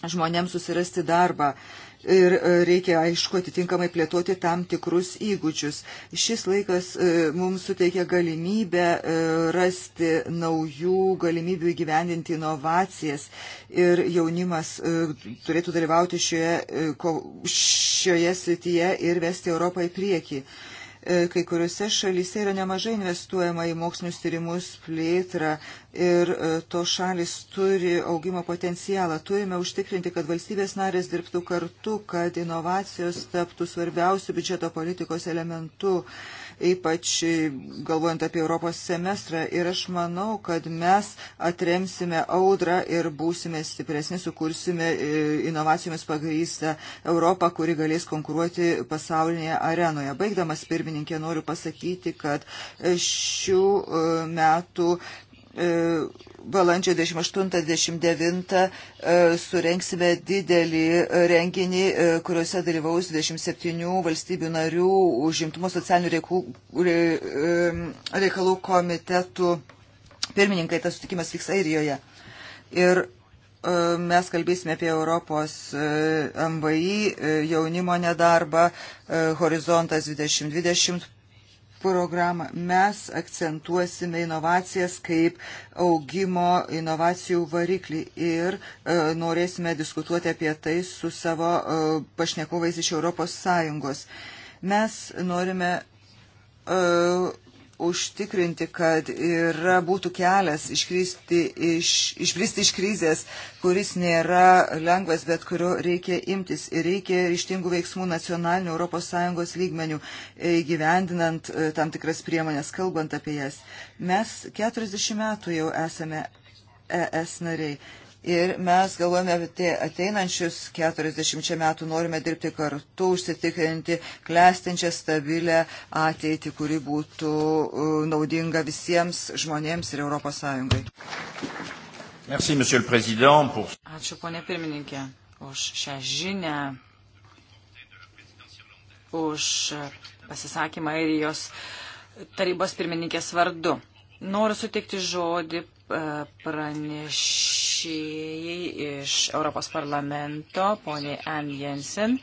žmonėms susirasti darbą. Ir e, reikia, aišku, atitinkamai plėtoti tam tikrus įgūdžius. Šis laikas e, mums suteikia galimybę e, rasti naujų galimybių įgyvendinti inovacijas ir jaunimas turėtų dalyvauti šioje, šioje srityje ir vesti Europą į priekį. E, kai kuriuose šalyse yra nemažai investuojama į mokslinius tyrimus, plėtrą ir e, to šalis turi augimo potencialą. Turime užtikrinti, kad valstybės narės dirbtų kartu, kad inovacijos taptų svarbiausių biudžeto politikos elementų ypač galvojant apie Europos semestrą. Ir aš manau, kad mes atremsime audrą ir būsime stipresni, sukursime e, inovacijomis pagrįstą Europą, kuri galės konkuruoti pasaulinėje arenoje. Baigdamas pirmininkė, noriu pasakyti, kad šių e, metų E, balandžio 28-29 e, surenksime didelį renginį, e, kuriuose dalyvaus 27 valstybių narių užimtumo socialinių reikalų, reikalų komitetų pirmininkai. Tas sutikimas vyks Airijoje. Ir mes kalbėsime apie Europos MVI jaunimo nedarbą, horizontas 2020 programą mes akcentuosime inovacijas kaip augimo inovacijų variklį ir e, norėsime diskutuoti apie tai su savo e, pašnekovais iš ES. Mes norime e, užtikrinti, kad yra būtų kelias iškristi iš, išbristi iš krizės, kuris nėra lengvas, bet kurio reikia imtis. Ir reikia ryštingų veiksmų nacionalinių ES lygmenių įgyvendinant e, e, tam tikras priemonės, kalbant apie jas. Mes 40 metų jau esame ES nariai Ir mes galvojame apie ateinančius 40 metų, norime dirbti kartu, užsitikrinti klestinčią stabilę ateitį, kuri būtų naudinga visiems žmonėms ir Europos Sąjungai. Merci, pour... Ačiū, ponė pirmininkė, už šią žinę, už pasisakymą ir jos tarybos pirmininkės vardu. Noriu sutikti žodį e, pranešėjai iš Europos parlamento, poniai Ann Jensen.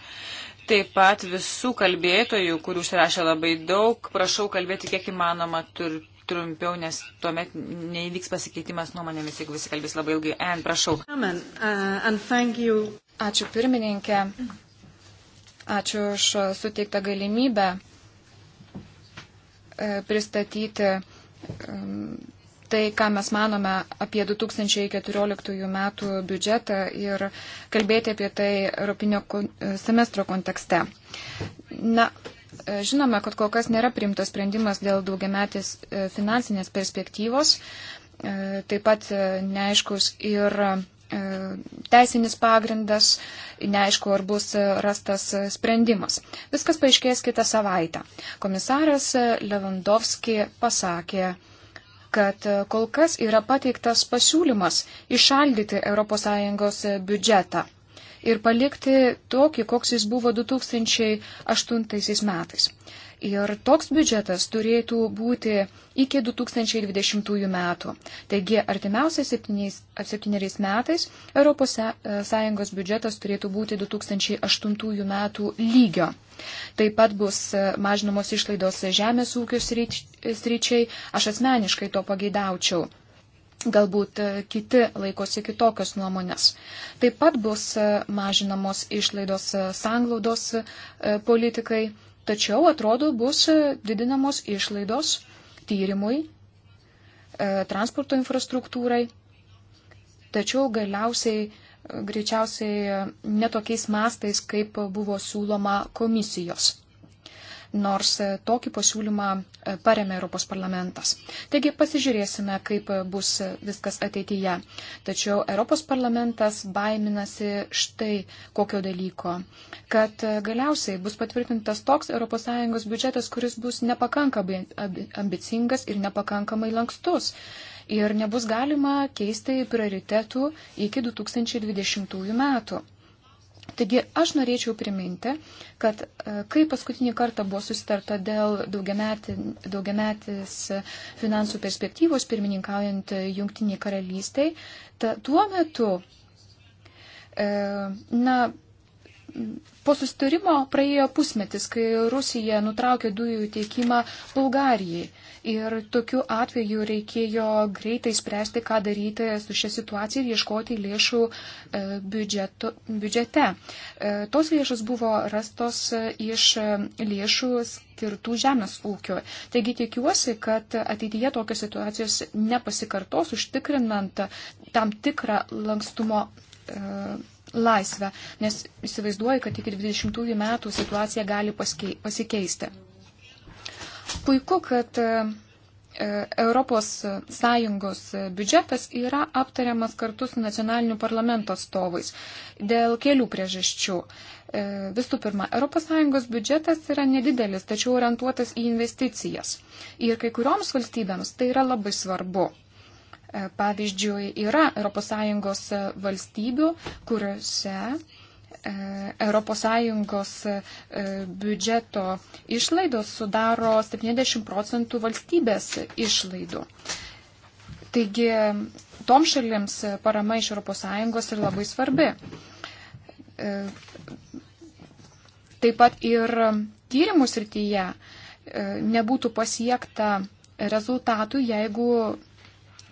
Taip pat visų kalbėtojų, kurių užsirašė labai daug, prašau kalbėti kiek įmanoma tur, trumpiau, nes tuomet neįvyks pasikeitimas nuomonėmis, jeigu visi kalbės labai ilgai. Ann, prašau. Uh, Ačiū pirmininkė. Ačiū už suteiktą galimybę e, pristatyti tai, ką mes manome apie 2014 metų biudžetą ir kalbėti apie tai Europinio semestro kontekste. Na, žinome, kad kol kas nėra primtas sprendimas dėl daugiametės e, finansinės perspektyvos, e, taip pat e, neaiškus ir E, teisinis pagrindas, neaišku, ar bus e, rastas e, sprendimas. Viskas paaiškės kitą savaitę. Komisaras Levandovski pasakė, kad kol kas yra pateiktas pasiūlymas išaldyti ES biudžetą ir palikti tokį, koks jis buvo 2008 metais. Ir toks biudžetas turėtų būti iki 2020 metų. Taigi artimiausiais septyneriais metais ES biudžetas turėtų būti 2008 metų lygio. Taip pat bus e, mažinamos išlaidos žemės ūkio sryčiai. Aš asmeniškai to pageidaučiau. Galbūt e, kiti laikosi kitokios nuomonės. Taip pat bus e, mažinamos išlaidos sanglaudos politikai Tačiau, atrodo, bus e, didinamos išlaidos tyrimui, e, transporto infrastruktūrai. Tačiau galiausiai e, greičiausiai netokiais mastais, kaip buvo siūloma komisijos nors e, tokį pasiūlymą e, paremė Europos parlamentas. Taigi pasižiūrėsime, kaip bus e, viskas ateityje. Tačiau Europos parlamentas baiminasi štai kokio dalyko, kad galiausiai bus patvirtintas toks ES biudžetas, kuris bus nepakankamai ambicingas ir nepakankamai lankstus ir nebus galima keisti prioritetų iki 2020 metų. Taigi aš norėčiau priminti, kad e, kai paskutinį kartą buvo susitarta dėl daugiametį, daugiametis finansų perspektyvos pirmininkaujant Junktiniai karalystiai, ta, tuo metu, e, na, po susitarimo praėjo pusmetis, kai Rusija nutraukė dujų teikimą Bulgarijai. Ir tokiu atveju reikėjo greitai spręsti, ką daryti su šia situacija ir ieškoti lėšų e, biudžeto, biudžete. E, tos lėšos buvo rastos iš lėšų skirtų žemės ūkio. Taigi tikiuosi, kad ateityje tokios situacijos nepasikartos, užtikrinant tam tikrą lankstumo e, laisvę, nes įsivaizduoju, kad iki 20 metų situacija gali pasikeisti. Puiku, kad ES e, biudžetas yra aptariamas kartu su nacionaliniu parlamento atstovais dėl kelių priežasčių. E, visų pirma, ES biudžetas yra nedidelis, tačiau orientuotas į investicijas. Ir kai kurioms valstybėms tai yra labai svarbu. E, pavyzdžiui, yra ES valstybių, kuriuose ES e, biudžeto išlaidos sudaro 70 procentų valstybės išlaidų. Taigi tom šalims parama iš ES ir labai svarbi. E, taip pat ir tyrimų srityje e, nebūtų pasiekta rezultatų, jeigu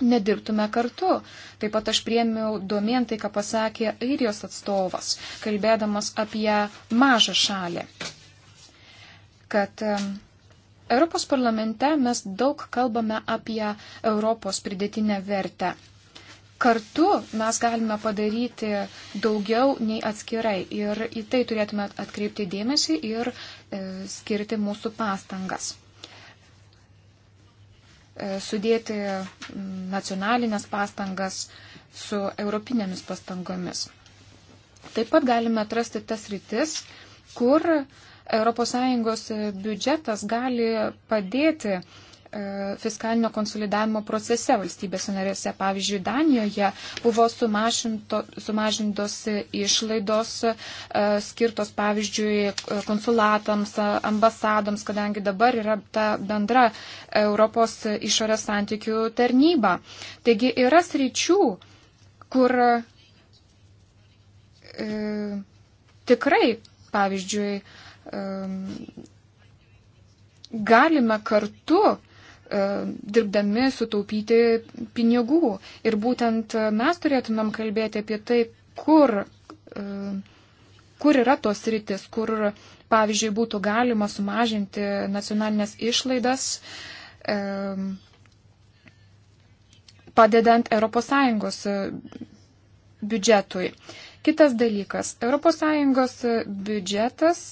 nedirbtume kartu. Taip pat aš priemiau domien tai, ką pasakė airijos atstovas, kalbėdamas apie mažą šalį. Kad Europos parlamente mes daug kalbame apie Europos pridėtinę vertę. Kartu mes galime padaryti daugiau nei atskirai ir į tai turėtume atkreipti dėmesį ir e, skirti mūsų pastangas. E, sudėti nacionalinės pastangas su europinėmis pastangomis. Taip pat galime atrasti tas rytis, kur ES biudžetas gali padėti uh, E, fiskalinio konsolidavimo procese valstybėse narėse. Pavyzdžiui, Danijoje buvo sumažinto, sumažintos išlaidos e, skirtos, pavyzdžiui, e, konsulatams, ambasadams, kadangi dabar yra ta bendra Europos išorės santykių tarnyba. Taigi yra sričių, kur e, tikrai, pavyzdžiui, e, galime kartu E, dirbdami sutaupyti pinigų. Ir būtent mes turėtumėm kalbėti apie tai, kur, e, kur yra tos rytis, kur, pavyzdžiui, būtų galima sumažinti nacionalinės išlaidas, e, padedant ES biudžetui. Kitas dalykas. ES biudžetas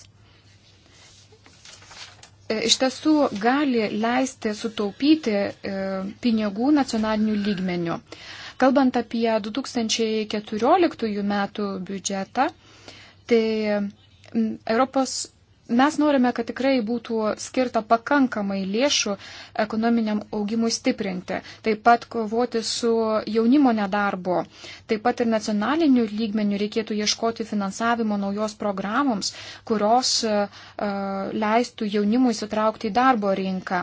E, iš tiesų gali leisti sutaupyti e, pinigų nacionalinių lygmenių. Kalbant apie 2014 metų biudžetą, tai Europos Mes norime, kad tikrai būtų skirta pakankamai lėšų ekonominiam augimui stiprinti, taip pat kovoti su jaunimo nedarbo, taip pat ir nacionaliniu lygmeniu reikėtų ieškoti finansavimo naujos programoms, kurios uh, leistų jaunimui įsitraukti į darbo rinką.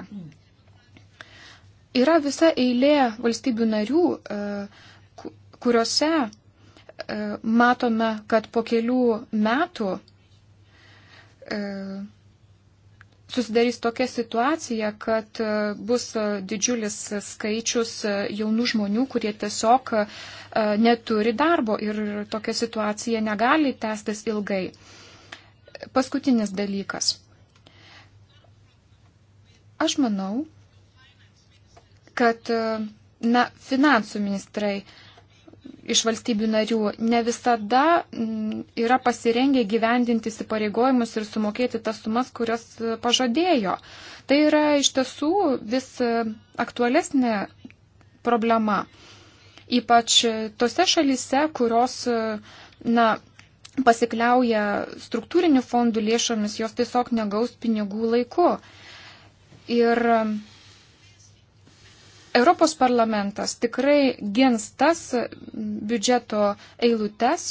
Yra visa eilė valstybių narių, uh, kuriuose uh, matome, kad po kelių metų E, susidarys tokia situacija, kad e, bus e, didžiulis skaičius jaunų žmonių, kurie tiesiog neturi darbo ir tokia situacija negali tęstis ilgai. Paskutinis dalykas. Aš manau, kad na, finansų ministrai uh, iš valstybių narių ne visada yra pasirengę gyvendinti įsipareigojimus ir sumokėti tas sumas, kurias e, pažadėjo. Tai yra iš tiesų vis e, aktualesnė problema. Ypač e, tose šalise, kurios na, pasikliauja struktūrinių fondų lėšomis, jos tiesiog negaus pinigų laiku. Ir Europos parlamentas tikrai gins tas biudžeto eilutes,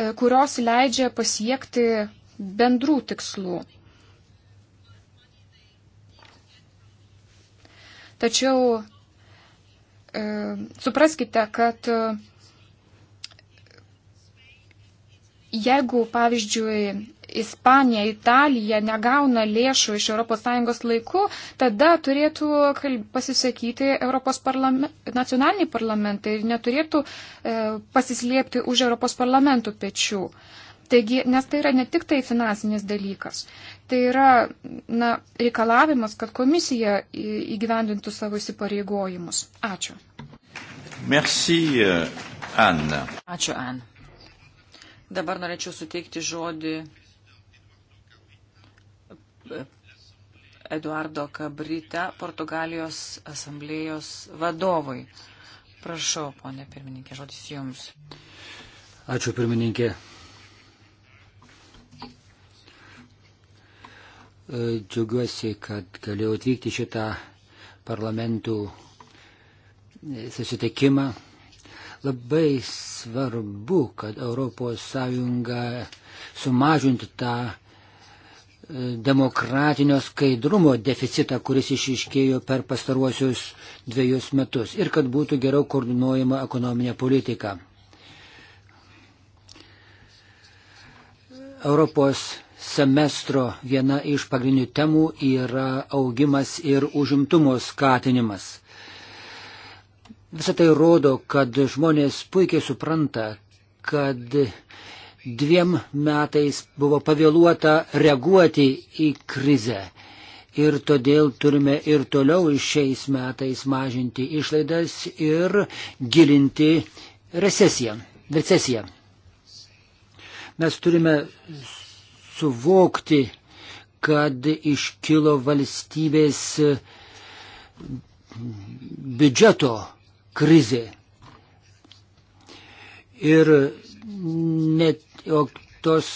e, kurios leidžia pasiekti bendrų tikslų. Tačiau e, supraskite, kad e, jeigu, pavyzdžiui, Ispanija, Italija negauna lėšų iš ES laiku, tada turėtų pasisakyti Europos parlament, nacionaliniai parlamentai ir neturėtų e, pasislėpti už Europos parlamentų pečių. Taigi, nes tai yra ne tik tai finansinis dalykas, tai yra na, reikalavimas, kad komisija įgyvendintų savo įsipareigojimus. Ačiū. Merci, Anna. Ačiū, Anna. Dabar norėčiau suteikti žodį Eduardo Kabrita, Portugalijos asamblėjos vadovui. Prašau, ponė pirmininkė, žodis jums. Ačiū pirmininkė. E, džiaugiuosi, kad galėjau atvykti šitą parlamentų e, susitikimą. Labai svarbu, kad ES sumažintų tą demokratinio skaidrumo deficitą, kuris išiškėjo per pastaruosius dviejus metus ir kad būtų geriau koordinuojama ekonominė politika. Europos semestro viena iš pagrindinių temų yra augimas ir užimtumo skatinimas. Visą tai rodo, kad žmonės puikiai supranta, kad dviem metais buvo pavėluota reaguoti į krizę. Ir todėl turime ir toliau šiais metais mažinti išlaidas ir gilinti recesiją. recesiją. Mes turime suvokti, kad iškilo valstybės biudžeto krizė. Ir net jog tos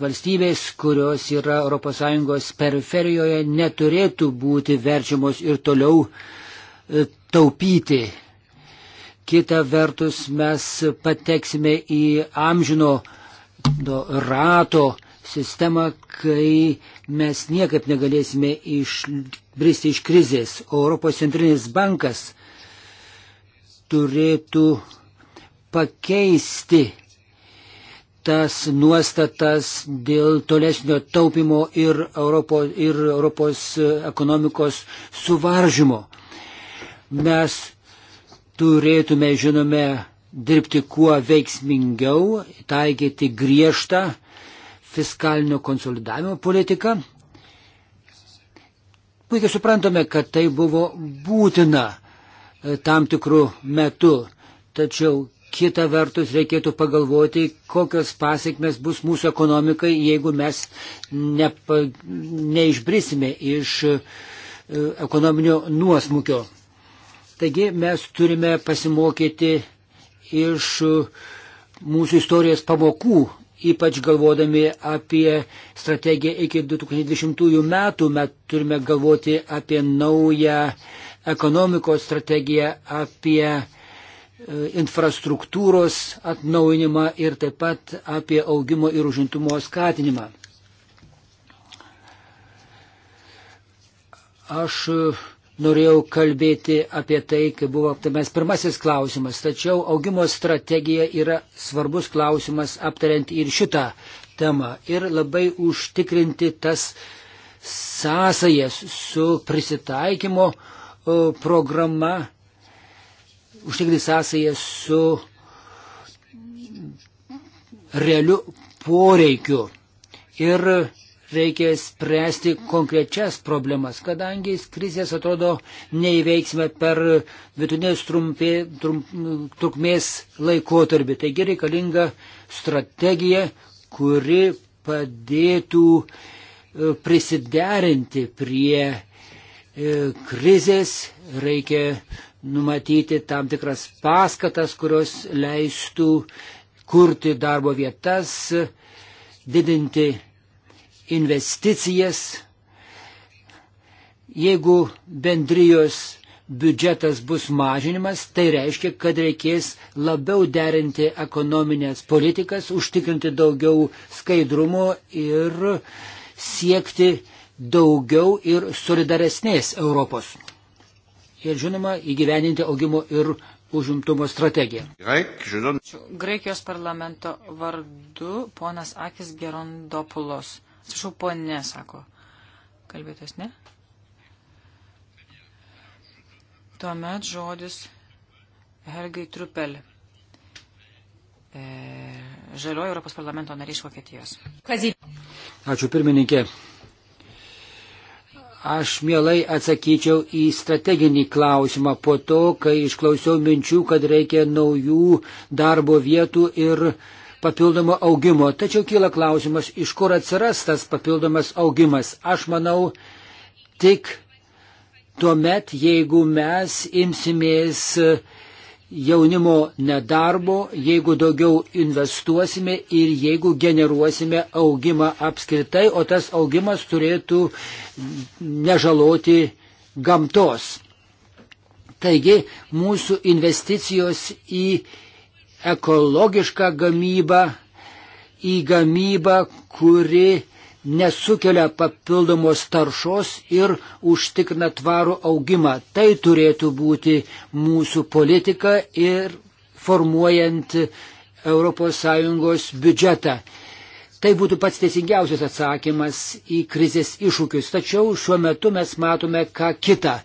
valstybės, kurios yra ES periferijoje, neturėtų būti verčiamos ir toliau e, taupyti. Kita vertus, mes pateksime į amžino rato sistemą, kai mes niekaip negalėsime išbristi iš krizės. Europos centrinis bankas turėtų pakeisti tas nuostatas dėl tolesnio taupimo ir Europos, ir Europos e, ekonomikos suvaržymo. Mes turėtume, žinome, dirbti kuo veiksmingiau, taikyti griežtą fiskalinio konsolidavimo politiką. Puikiai suprantame, kad tai buvo būtina e, tam tikrų metų, tačiau Kita vertus, reikėtų pagalvoti, kokios pasiekmes bus mūsų ekonomikai, jeigu mes nepa, neišbrisime iš e, ekonominio nuosmukio. Taigi mes turime pasimokyti iš e, mūsų istorijos pamokų, ypač galvodami apie strategiją iki 2020 metų, mes turime galvoti apie naują ekonomikos strategiją, apie E, infrastruktūros atnaujinimą ir taip pat apie augimo ir užimtumo skatinimą. Aš e, norėjau kalbėti apie tai, kai buvo aptariamas pirmasis klausimas, tačiau augimo strategija yra svarbus klausimas aptariant ir šitą temą ir labai užtikrinti tas sąsajas su prisitaikymo e, programa užtikrinti sąsąją su realiu poreikiu. Ir reikia spręsti konkrečias problemas, kadangi krizės atrodo neįveiksime per vidutinės trumpė, trump, trukmės laikotarpį. Taigi reikalinga strategija, kuri padėtų e, prisiderinti prie e, krizės, reikia numatyti tam tikras paskatas, kurios leistų kurti darbo vietas, didinti investicijas. Jeigu bendrijos biudžetas bus mažinimas, tai reiškia, kad reikės labiau derinti ekonominės politikas, užtikrinti daugiau skaidrumo ir siekti daugiau ir solidaresnės Europos ir, žinoma, įgyveninti augimo ir užimtumo strategiją. Graikijos parlamento vardu ponas Akis Gerondopulos. Atsiprašau, ponė, sako. Kalbėtos ne? Tuomet žodis Helgai Trupel, e, žaliojo Europos parlamento narys iš Vokietijos. Ačiū pirmininkė. Aš mielai atsakyčiau į strateginį klausimą po to, kai išklausiau minčių, kad reikia naujų darbo vietų ir papildomo augimo. Tačiau kyla klausimas, iš kur atsiras tas papildomas augimas. Aš manau, tik tuo met, jeigu mes imsimės uh, jaunimo nedarbo, jeigu daugiau investuosime ir jeigu generuosime augimą apskritai, o tas augimas turėtų nežaloti gamtos. Taigi mūsų investicijos į ekologišką gamybą, į gamybą, kuri nesukelia papildomos taršos ir užtikrina tvarų augimą. Tai turėtų būti mūsų politika ir formuojant ES biudžetą. Tai būtų pats teisingiausias atsakymas į krizės iššūkius. Tačiau šiuo metu mes matome ką kitą.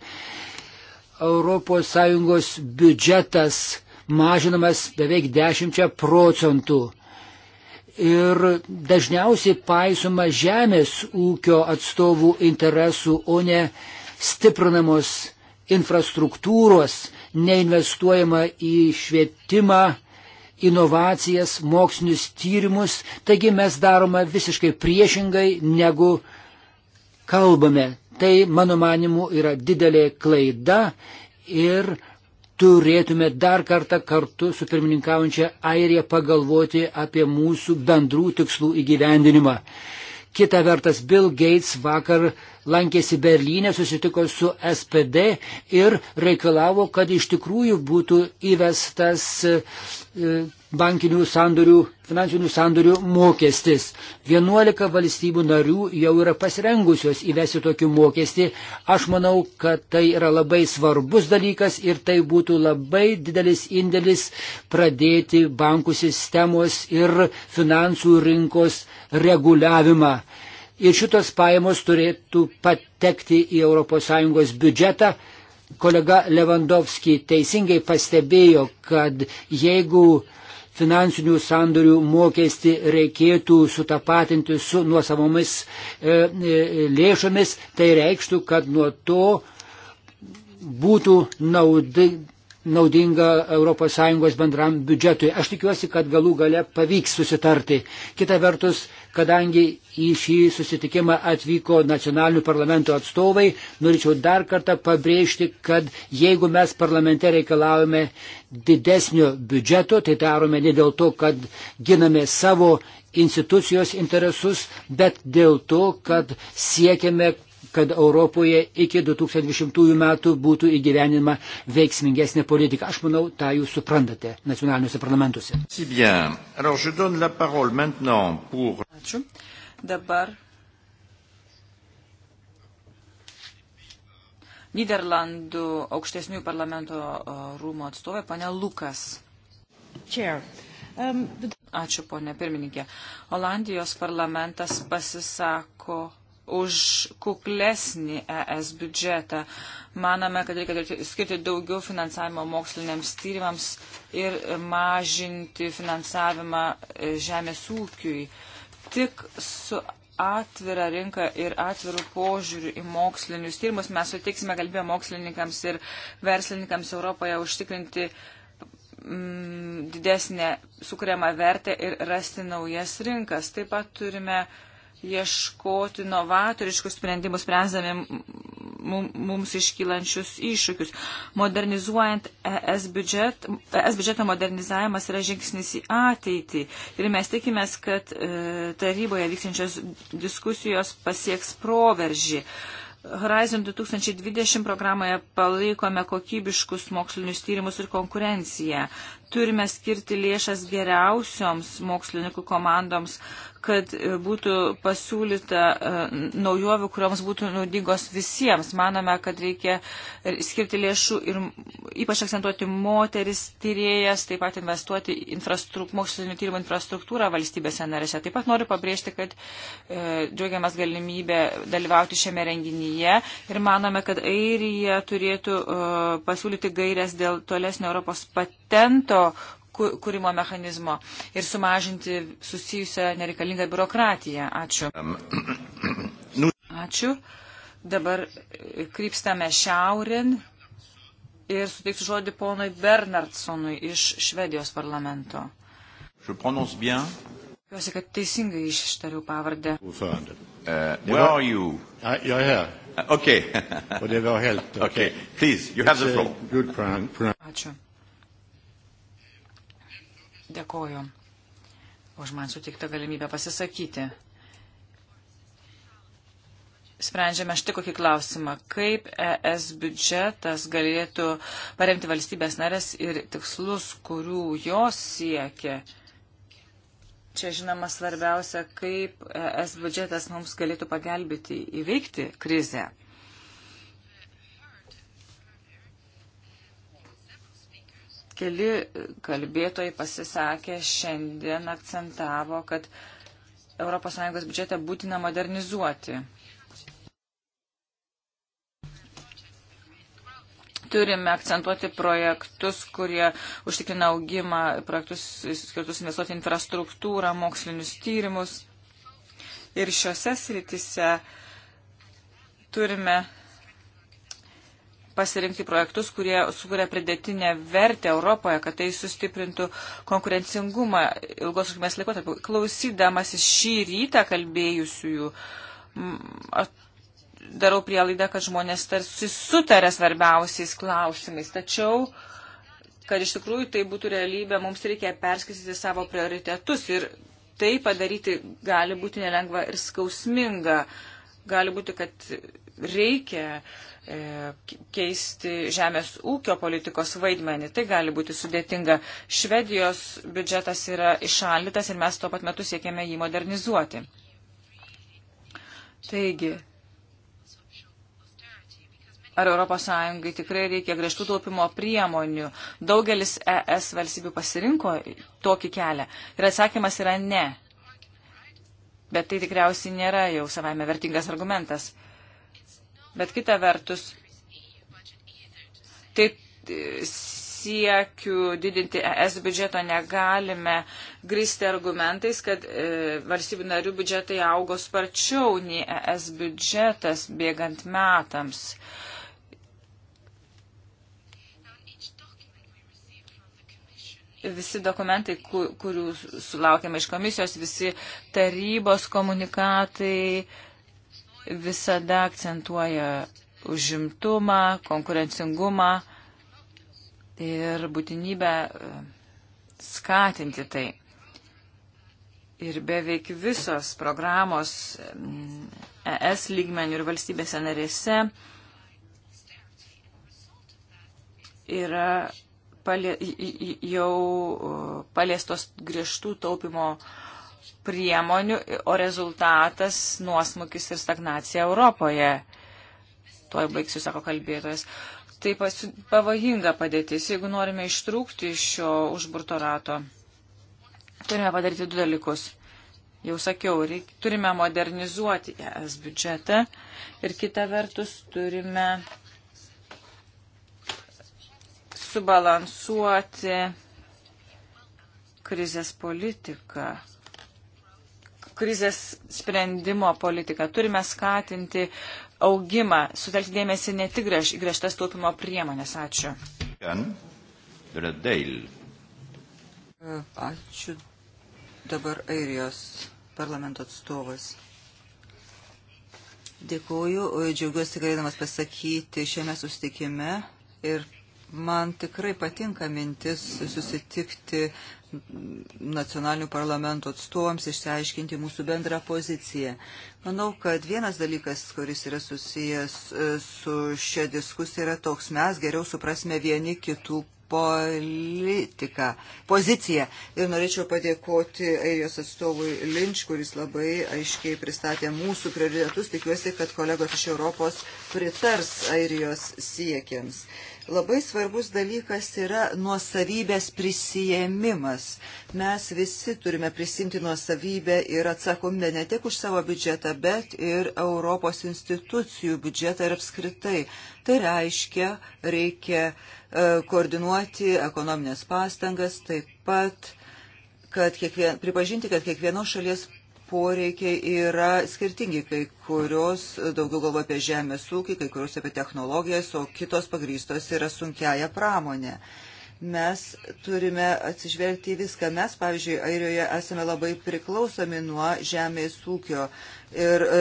ES biudžetas mažinamas beveik 10 procentų ir dažniausiai paisoma žemės ūkio atstovų interesų, o ne stiprinamos infrastruktūros, neinvestuojama į švietimą, inovacijas, mokslinius tyrimus, taigi mes darome visiškai priešingai negu kalbame. Tai, mano manimu, yra didelė klaida ir turėtume dar kartą kartu su pirmininkaujančia Airija pagalvoti apie mūsų bendrų tikslų įgyvendinimą. Kita vertas, Bill Gates vakar lankėsi Berlyne, susitiko su SPD ir reikalavo, kad iš tikrųjų būtų įvestas e, bankinių sandorių, finansinių sandorių mokestis. 11 valstybių narių jau yra pasirengusios įvesti tokį mokestį. Aš manau, kad tai yra labai svarbus dalykas ir tai būtų labai didelis indėlis pradėti bankų sistemos ir finansų rinkos reguliavimą. Ir šitos pajamos turėtų patekti į ES biudžetą. Kolega Lewandowski teisingai pastebėjo, kad jeigu uh, finansinių sandorių mokestį reikėtų sutapatinti su nuosavomis e, e, lėšomis, tai reikštų, kad nuo to būtų naudai, naudinga ES bendram biudžetui. Aš tikiuosi, kad galų gale pavyks susitarti. Kita vertus, Kadangi į šį susitikimą atvyko nacionalinių parlamentų atstovai, norėčiau dar kartą pabrėžti, kad jeigu mes parlamente reikalavome didesnio biudžeto, tai darome ne dėl to, kad giname savo institucijos interesus, bet dėl to, kad siekiame, kad Europoje iki 2020 metų būtų įgyvenima veiksmingesnė politika. Aš manau, tą jūs suprantate nacionaliniuose parlamentuose. Ačiū. Dabar Niderlandų aukštesniųjų parlamento rūmų atstovė, pane Lukas. Chair. Um, Ačiū, ponė pirmininkė. Olandijos parlamentas pasisako už kuklesnį ES biudžetą. Maname, kad reikia skirti daugiau finansavimo moksliniams tyrimams ir mažinti finansavimą e, žemės ūkiui. Tik su atvira rinka ir atvirų požiūrių į mokslinius tyrimus mes sutiksime galbė mokslininkams ir verslininkams Europoje užtikrinti mm, didesnę sukuriamą vertę ir rasti naujas rinkas. Taip pat turime uh, ieškoti novatoriškų sprendimų, sprendami mums iškylančius iššūkius. Modernizuojant ES, biudžet, ES biudžeto modernizavimas yra žingsnis į ateitį ir mes tikimės, kad e, taryboje vyksinčios diskusijos pasieks proveržį. Horizon 2020 programoje palaikome kokybiškus mokslinius tyrimus ir konkurenciją turime skirti lėšas geriausioms mokslininkų komandoms, kad e, būtų pasiūlyta e, naujovių, kuriuoms būtų naudingos visiems. Manome, kad reikia e, skirti lėšų ir ypač akcentuoti moteris tyrėjas, taip pat investuoti mokslinio tyrimo infrastruktūrą valstybėse narėse. Taip pat noriu pabrėžti, kad e, džiaugiamas galimybė dalyvauti šiame renginyje ir manome, kad Airija turėtų e, pasiūlyti gairias dėl tolesnio Europos pat patento kūrimo mechanizmo ir sumažinti susijusią nereikalingą biurokratiją. Ačiū. Ačiū. Dabar krypstame šiaurin ir suteiksiu žodį ponui Bernardsonui iš Švedijos parlamento. Tikiuosi, kad teisingai ištariu pavardę. Ačiū. Dėkoju už man sutiktą galimybę pasisakyti. Sprendžiame štai kokį klausimą. Kaip ES biudžetas galėtų paremti valstybės narės ir tikslus, kurių jos siekia? Čia žinoma svarbiausia, kaip ES biudžetas mums galėtų pagelbėti įveikti krizę. Keli kalbėtojai pasisakė šiandien akcentavo, kad ES biudžetą būtina modernizuoti. Turime akcentuoti projektus, kurie užtikrina augimą, projektus skirtus investuoti infrastruktūrą, mokslinius tyrimus. Ir šiuose sritise turime pasirinkti projektus, kurie sukuria pridėtinę vertę Europoje, kad tai sustiprintų konkurencingumą ilgos trukmės laikotarpiu. Klausydamas šį rytą kalbėjusiųjų, darau prielaidą, kad žmonės tarsi sutarė svarbiausiais klausimais. Tačiau, kad iš tikrųjų tai būtų realybė, mums reikia perskisyti savo prioritetus ir tai padaryti gali būti nelengva ir skausminga. Gali būti, kad reikia uh, E, keisti žemės ūkio politikos vaidmenį. Tai gali būti sudėtinga. Švedijos biudžetas yra išalytas ir mes tuo pat metu siekėme jį modernizuoti. Taigi, ar ES tikrai reikia griežtų taupimo priemonių? Daugelis ES valstybių pasirinko tokį kelią. Ir atsakymas yra ne. Bet tai tikriausiai nėra jau savaime vertingas argumentas. Bet kita vertus, tai siekių didinti ES biudžeto negalime grįsti argumentais, kad e, valstybių narių biudžetai augo sparčiau nei ES biudžetas bėgant metams. Visi dokumentai, kurių sulaukėme iš komisijos, visi tarybos komunikatai, e, visada akcentuoja užimtumą, konkurencingumą ir būtinybę e, skatinti tai. Ir beveik visos programos mm, ES lygmenių ir valstybėse narėse yra palie, jau e, paliestos griežtų taupimo uh, priemonių, o rezultatas nuosmukis ir stagnacija Europoje. Tuoj baigsiu, sako kalbėtojas. Tai pavojinga padėtis, jeigu norime ištrūkti iš šio užburto rato. Turime padaryti du dalykus. Jau sakiau, reik, turime modernizuoti ES biudžetą ir kita vertus turime subalansuoti krizės politiką krizės sprendimo politiką. Turime skatinti augimą, sutelkti dėmesį ne tik griež, griežtas taupimo priemonės. Ačiū. Ačiū dabar Airijos parlamento atstovas. Dėkuoju, džiaugiuosi galėdamas pasakyti šiame sustikime ir man tikrai patinka mintis susitikti nacionalinių parlamentų atstovams išsiaiškinti mūsų bendrą poziciją. Manau, kad vienas dalykas, kuris yra susijęs e, su šia diskusija, yra toks, mes geriau suprasime vieni kitų politiką, poziciją. Ir norėčiau padėkoti Airijos atstovui Linč, kuris labai aiškiai pristatė mūsų prioritetus. Tikiuosi, kad kolegos iš Europos pritars Airijos siekiams. Labai svarbus dalykas yra nuosavybės prisijėmimas. Mes visi turime prisimti nuosavybę ir atsakomybę ne tik už savo biudžetą, bet ir Europos institucijų biudžetą ir apskritai. Tai reiškia, reikia e, koordinuoti ekonominės pastangas, taip pat kad kiekvien, pripažinti, kad kiekvienos šalies poreikiai yra skirtingi, kai kurios e, daugiau galvo apie žemės ūkį, kai kurios apie technologijas, o kitos pagrystos yra sunkiaja pramonė. Mes turime atsižvelgti į viską. Mes, pavyzdžiui, Airijoje esame labai priklausomi nuo žemės ūkio ir e,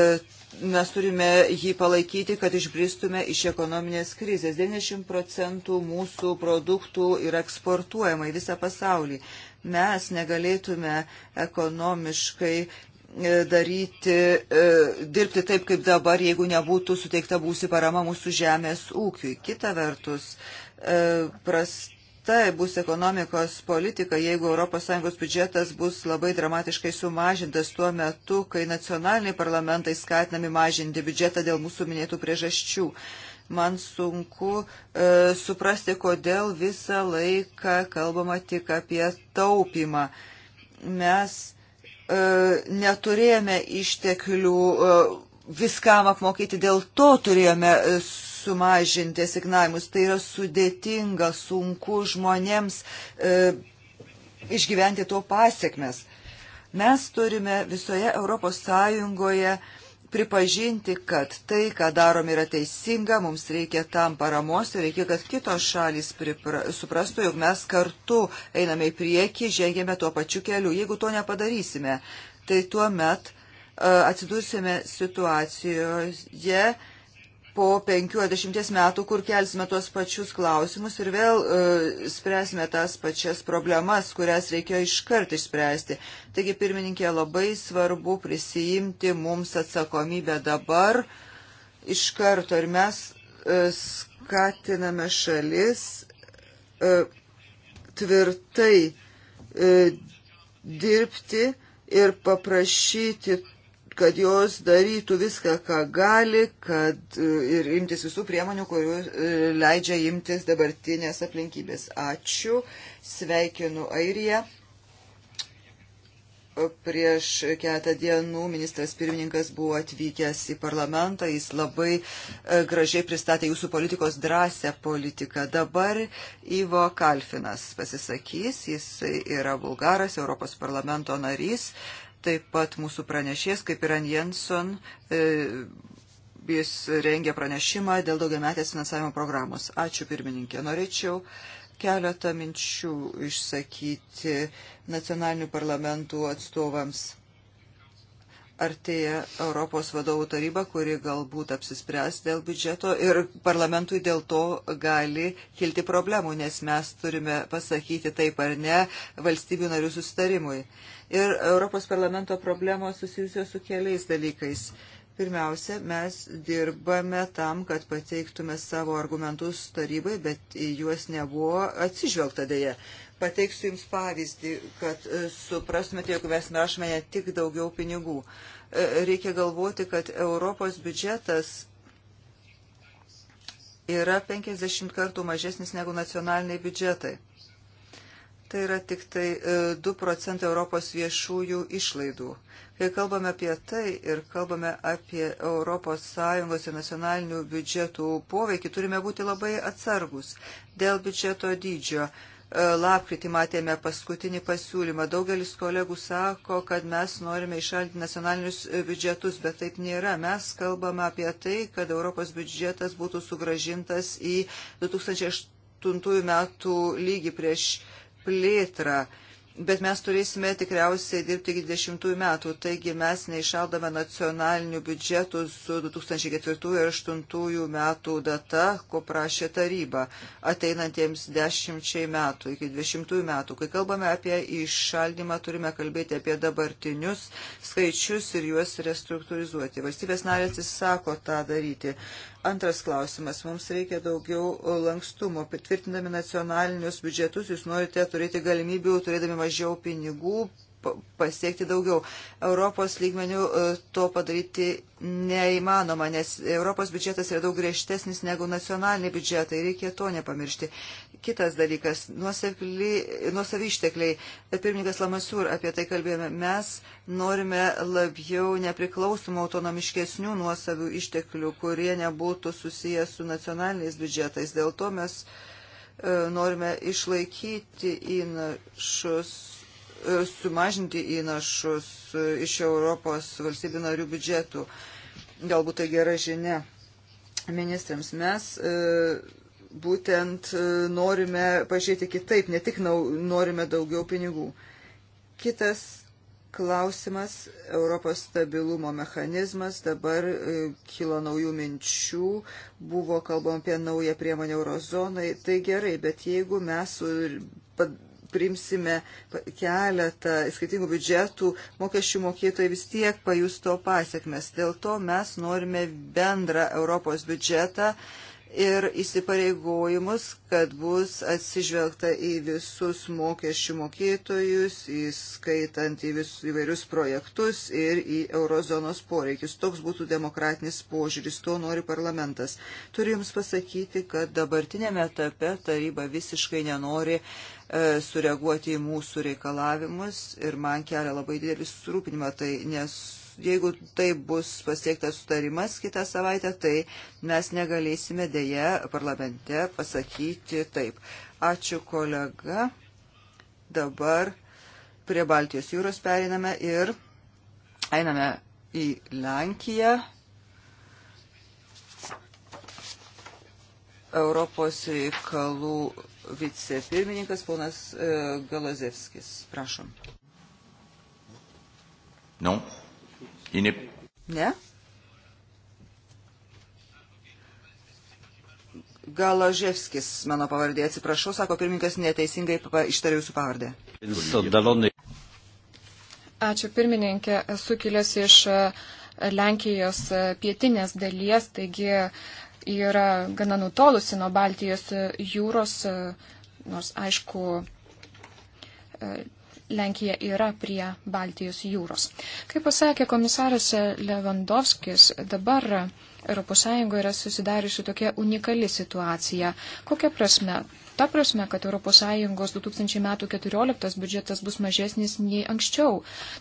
mes turime jį palaikyti, kad išbristume iš ekonominės krizės. 90 procentų mūsų produktų yra eksportuojama į visą pasaulį mes negalėtume ekonomiškai E, daryti, e, dirbti taip kaip dabar, jeigu nebūtų suteikta būsi parama mūsų žemės ūkiui. Kita vertus, e, prasta bus ekonomikos politika, jeigu ES biudžetas bus labai dramatiškai sumažintas tuo metu, kai nacionaliniai parlamentai skatinami mažinti biudžetą dėl mūsų minėtų priežasčių man sunku e, suprasti, kodėl visą laiką kalbama tik apie taupimą. Mes E, neturėjome išteklių e, viskam apmokyti, dėl to turėjome e, sumažinti asignavimus. Tai yra sudėtinga, sunku žmonėms e, išgyventi to pasiekmes. Mes turime visoje Europos Sąjungoje e, pripažinti, kad tai, ką darom, yra teisinga, mums reikia tam paramos ir reikia, kad kitos šalys pripra, suprastų, jog mes kartu einame į priekį, žengėme tuo pačiu keliu. Jeigu to nepadarysime, tai tuo met uh, e, atsidursime situacijoje, po 50 metų, kur kelsime tuos pačius klausimus ir vėl e, spręsime tas pačias problemas, kurias reikėjo iškart išspręsti. Taigi, pirmininkė, labai svarbu prisijimti mums atsakomybę dabar iš karto ir mes e, skatiname šalis e, tvirtai e, dirbti ir paprašyti kad jos darytų viską, ką gali, kad e, ir imtis visų priemonių, kurių e, leidžia imtis dabartinės aplinkybės. Ačiū, sveikinu Airiją. Prieš keletą dienų ministras pirmininkas buvo atvykęs į parlamentą, jis labai e, gražiai pristatė jūsų politikos drąsę politiką. Dabar Ivo Kalfinas pasisakys, jis yra bulgaras, Europos parlamento narys taip pat mūsų pranešės, kaip ir Ann Jensen, e, jis rengia pranešimą dėl daugiametės finansavimo programos. Ačiū pirmininkė. Norėčiau keletą minčių išsakyti nacionalinių parlamentų atstovams artėja Europos vadovų taryba, kuri galbūt apsispręs dėl biudžeto ir parlamentui dėl to gali kilti problemų, nes mes turime pasakyti taip ar ne valstybių narių sustarimui. Ir Europos parlamento problemos susijusios su keliais dalykais. Pirmiausia, mes dirbame tam, kad pateiktume savo argumentus tarybai, bet į juos nebuvo atsižvelgta dėje pateiksiu Jums pavyzdį, kad e, suprastumėte, jog mes rašome ne tik daugiau pinigų. E, reikia galvoti, kad Europos biudžetas yra 50 kartų mažesnis negu nacionaliniai biudžetai. Tai yra tik tai 2 e, procentai Europos viešųjų išlaidų. Kai kalbame apie tai ir kalbame apie ES ir nacionalinių biudžetų poveikį, turime būti labai atsargus dėl biudžeto dydžio. E, lapkritį matėme paskutinį pasiūlymą. Daugelis kolegų sako, kad mes norime išaldyti nacionalinius e, biudžetus, bet taip nėra. Mes kalbame apie tai, kad Europos biudžetas būtų sugražintas į 2008 metų lygį prieš plėtrą bet mes turėsime tikriausiai dirbti iki 20 metų, taigi mes neišaldame nacionalinių biudžetų su 2004 ir 2008 metų data, ko prašė taryba, ateinantiems 10 metų, iki 20 metų. Kai kalbame apie išaldymą, turime kalbėti apie dabartinius skaičius ir juos restruktūrizuoti. Valstybės narės atsisako tą daryti. Antras klausimas. Mums reikia daugiau lankstumo. Patvirtindami nacionalinius biudžetus, jūs norite turėti galimybių, turėdami mažiau pinigų, pasiekti daugiau. Europos lygmenių e, to padaryti neįmanoma, nes Europos biudžetas yra daug griežtesnis negu nacionaliniai biudžetai, reikia to nepamiršti. Kitas dalykas - nuosavi ištekliai. Pirmininkas Lamasiūr apie tai kalbėjome. Mes norime labiau nepriklausomų autonomiškesnių nuosavių išteklių, kurie nebūtų susijęs su nacionaliniais biudžetais. Dėl to mes e, norime išlaikyti įnašus e, sumažinti įnašus e, iš Europos valstybių narių biudžetų. Galbūt tai gera žinia ministrams. Mes būtent e, norime pažiūrėti kitaip, ne tik norime daugiau pinigų. Kitas klausimas - Europos stabilumo mechanizmas. Dabar e, kilo naujų minčių, buvo kalbam apie naują priemonę eurozonai. Tai gerai, bet jeigu mes primsime keletą skirtingų biudžetų, mokesčių mokėtojai vis tiek pajus to pasiekmes. Dėl to mes norime bendrą Europos biudžetą ir įsipareigojimus, kad bus atsižvelgta į visus mokesčių mokėtojus, įskaitant į vis, įvairius projektus ir į eurozonos poreikius. Toks būtų demokratinis požiūris, to nori parlamentas. Turiu Jums pasakyti, kad dabartinėme etape taryba visiškai nenori e, sureaguoti į mūsų reikalavimus ir man kelia labai didelį surūpinimą, tai nes jeigu tai bus pasiektas sutarimas kitą savaitę, tai mes negalėsime dėje parlamente pasakyti taip. Ačiū kolega. Dabar prie Baltijos jūros periname ir einame į Lenkiją. Europos reikalų vicepirmininkas ponas e, Galazevskis. Prašom. Non. Ne? ne? Galoževskis, mano pavardė, atsiprašau, sako pirmininkas, neteisingai ištarė jūsų pavardę. Ačiū pirmininkė, esu kilęs iš e, Lenkijos e, pietinės dalies, taigi yra gana nutolusi nuo Baltijos e, jūros, nors aišku, Lenkija yra prie Baltijos jūros. Kaip pasakė komisaras Levandovskis, dabar ES yra susidariusi tokia unikali situacija. Kokia prasme? Ta prasme, kad ES 2014 biudžetas bus mažesnis nei anksčiau.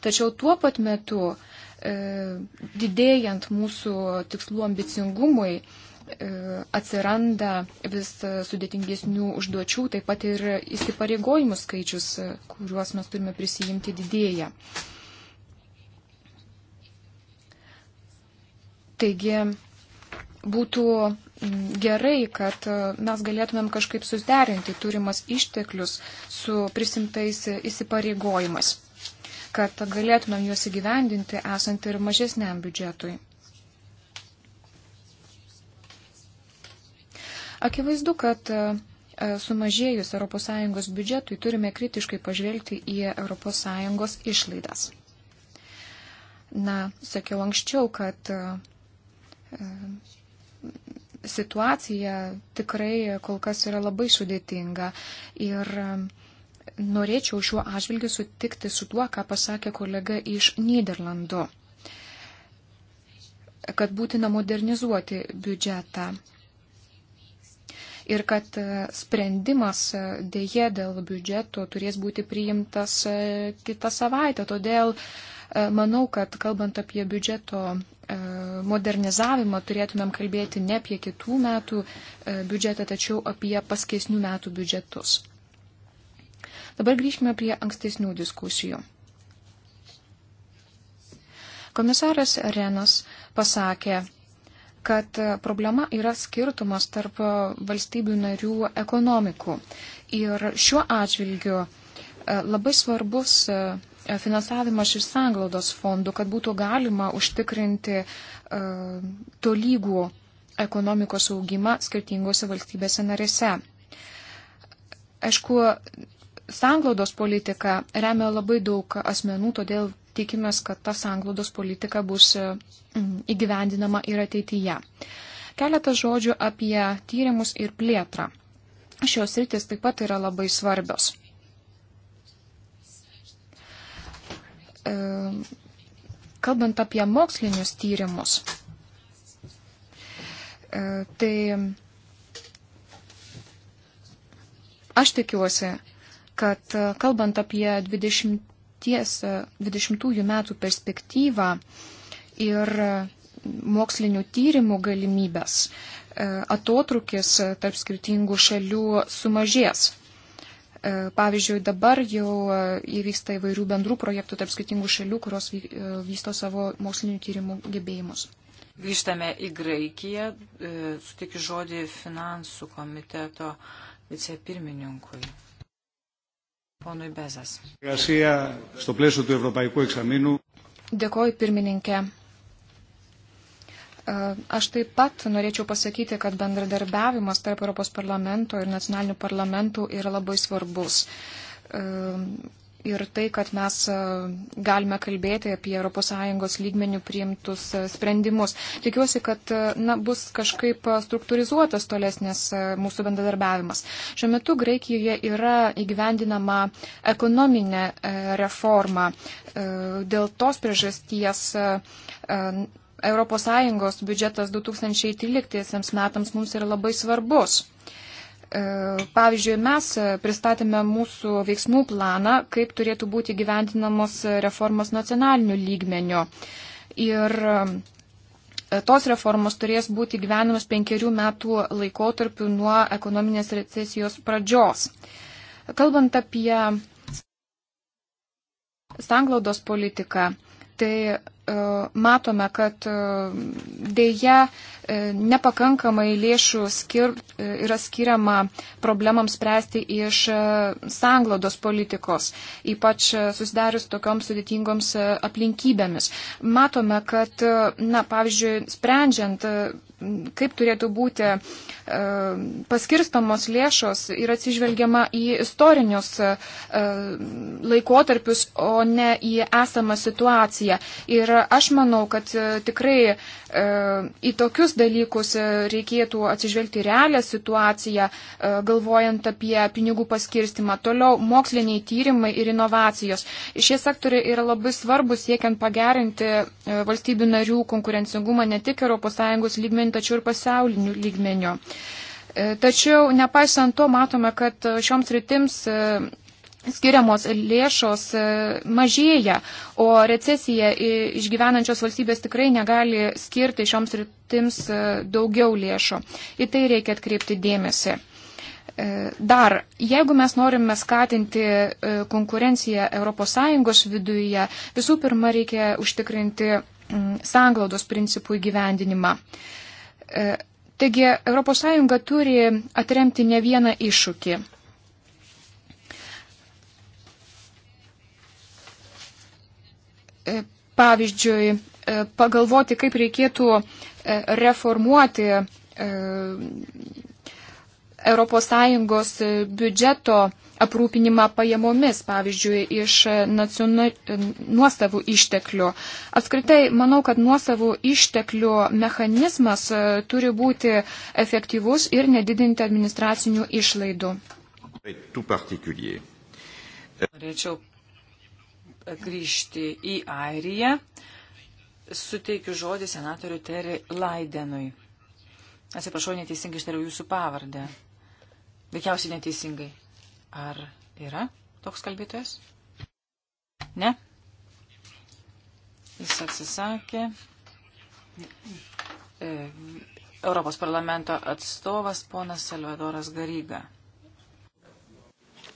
Tačiau tuo pat metu, e, didėjant mūsų tikslų ambicingumui, e, E, atsiranda vis sudėtingesnių užduočių, taip pat ir įsipareigojimų skaičius, e, kuriuos mes turime prisijimti didėja. Taigi būtų gerai, kad e, mes galėtumėm kažkaip susiderinti turimas išteklius su prisimtais įsipareigojimas, kad galėtumėm juos įgyvendinti esant ir mažesniam biudžetui. Akivaizdu, kad e, e, sumažėjus ES biudžetui turime kritiškai pažvelgti į ES išlaidas. Na, sakiau anksčiau, kad e, situacija tikrai kol kas yra labai sudėtinga ir norėčiau šiuo atžvilgiu sutikti su tuo, ką pasakė kolega iš Niderlandų, kad būtina modernizuoti biudžetą ir kad e, sprendimas e, dėje dėl biudžeto turės būti priimtas e, kitą savaitę. Todėl manau, kad kalbant apie biudžeto modernizavimą turėtumėm kalbėti ne apie kitų metų biudžetą, tačiau apie paskesnių metų biudžetus. Dabar grįžkime prie ankstesnių diskusijų. Komisaras Renas pasakė, kad problema yra skirtumas tarp valstybių narių ekonomikų. Ir šiuo atžvilgiu e, labai svarbus e, finansavimas iš sanglaudos fondų, kad būtų galima užtikrinti e, tolygų ekonomikos augimą skirtingose valstybėse narėse. Aišku, sanglaudos politika remia labai daug asmenų, todėl tikimės, kad ta sanglaudos politika bus e, įgyvendinama ir ateityje. Keletas žodžių apie tyrimus ir plėtrą. Šios rytis taip pat yra labai svarbios. E, kalbant apie mokslinius tyrimus, e, tai aš tikiuosi, kad kalbant apie 20, ties 20 e, metų perspektyvą ir e, mokslinių tyrimų galimybės, e, atotrukis tarp skirtingų šalių sumažės. Pavyzdžiui, dabar jau įvyksta įvairių bendrų projektų tarp skirtingų šalių, kurios vysto savo mokslinių tyrimų gebėjimus. Grįžtame į Graikiją, sutikiu žodį finansų komiteto vicepirmininkui. Ponui Bezas. Dėkoju, pirmininkė. E, aš taip pat norėčiau pasakyti, kad bendradarbiavimas tarp Europos parlamento ir nacionalinių parlamentų yra labai svarbus. E, ir tai, kad mes e, galime kalbėti apie ES lygmenių priimtus e, sprendimus. Tikiuosi, kad e, na, bus kažkaip struktūrizuotas tolesnės mūsų bendradarbiavimas. Šiuo metu Graikijoje yra įgyvendinama ekonominė reforma. Dėl tos priežasties. ES biudžetas 2013 metams mums yra labai svarbus. E, pavyzdžiui, mes pristatėme mūsų veiksmų planą, kaip turėtų būti gyventinamos reformos nacionaliniu lygmeniu. Ir e, tos reformos turės būti gyvenimas penkerių metų laikotarpių nuo ekonominės recesijos pradžios. Kalbant apie sanglaudos politiką, tai e, matome, kad dėja E, nepakankamai lėšų skir, e, yra skiriama problemams spręsti iš e, sanglodos politikos, ypač susidarius tokioms sudėtingoms aplinkybėmis. Matome, kad, na, pavyzdžiui, sprendžiant, kaip turėtų būti paskirstamos lėšos, yra atsižvelgiama į istorinius laikotarpius, o ne į esamą situaciją. Ir aš manau, kad tikrai į tokius dalykus, e, reikėtų atsižvelgti realią situaciją, e, galvojant apie pinigų paskirstimą. Toliau moksliniai tyrimai ir inovacijos. Šie sektoriai yra labai svarbus siekiant pagerinti e, valstybių narių konkurencingumą ne tik ES lygmenį, tačiau ir pasaulinių lygmenių. Tačiau nepaisant to matome, kad šioms rytims skiriamos lėšos e, mažėja, o recesija išgyvenančios valstybės tikrai negali skirti šioms rytims e, daugiau lėšų. Į tai reikia atkreipti dėmesį. E, dar, jeigu mes norime skatinti konkurenciją ES viduje, visų pirma reikia užtikrinti sanglaudos principų įgyvendinimą. Taigi, ES turi atremti ne vieną iššūkį. E, pavyzdžiui, e, pagalvoti, kaip reikėtų e, reformuoti ES biudžeto aprūpinimą pajamomis, pavyzdžiui, iš nacional... nuosavų išteklių. Apskritai, manau, kad nuosavų išteklių mechanizmas turi būti efektyvus ir nedidinti administracinių išlaidų. Norėčiau grįžti į Airiją. Suteikiu žodį senatoriu Terry Laidenui. Atsiprašau, neteisingai ištariau jūsų pavardę. Veikiausiai neteisingai. Ar yra toks kalbėtojas? Ne? Jis atsisakė. E, Europos parlamento atstovas ponas Salvadoras Garyga.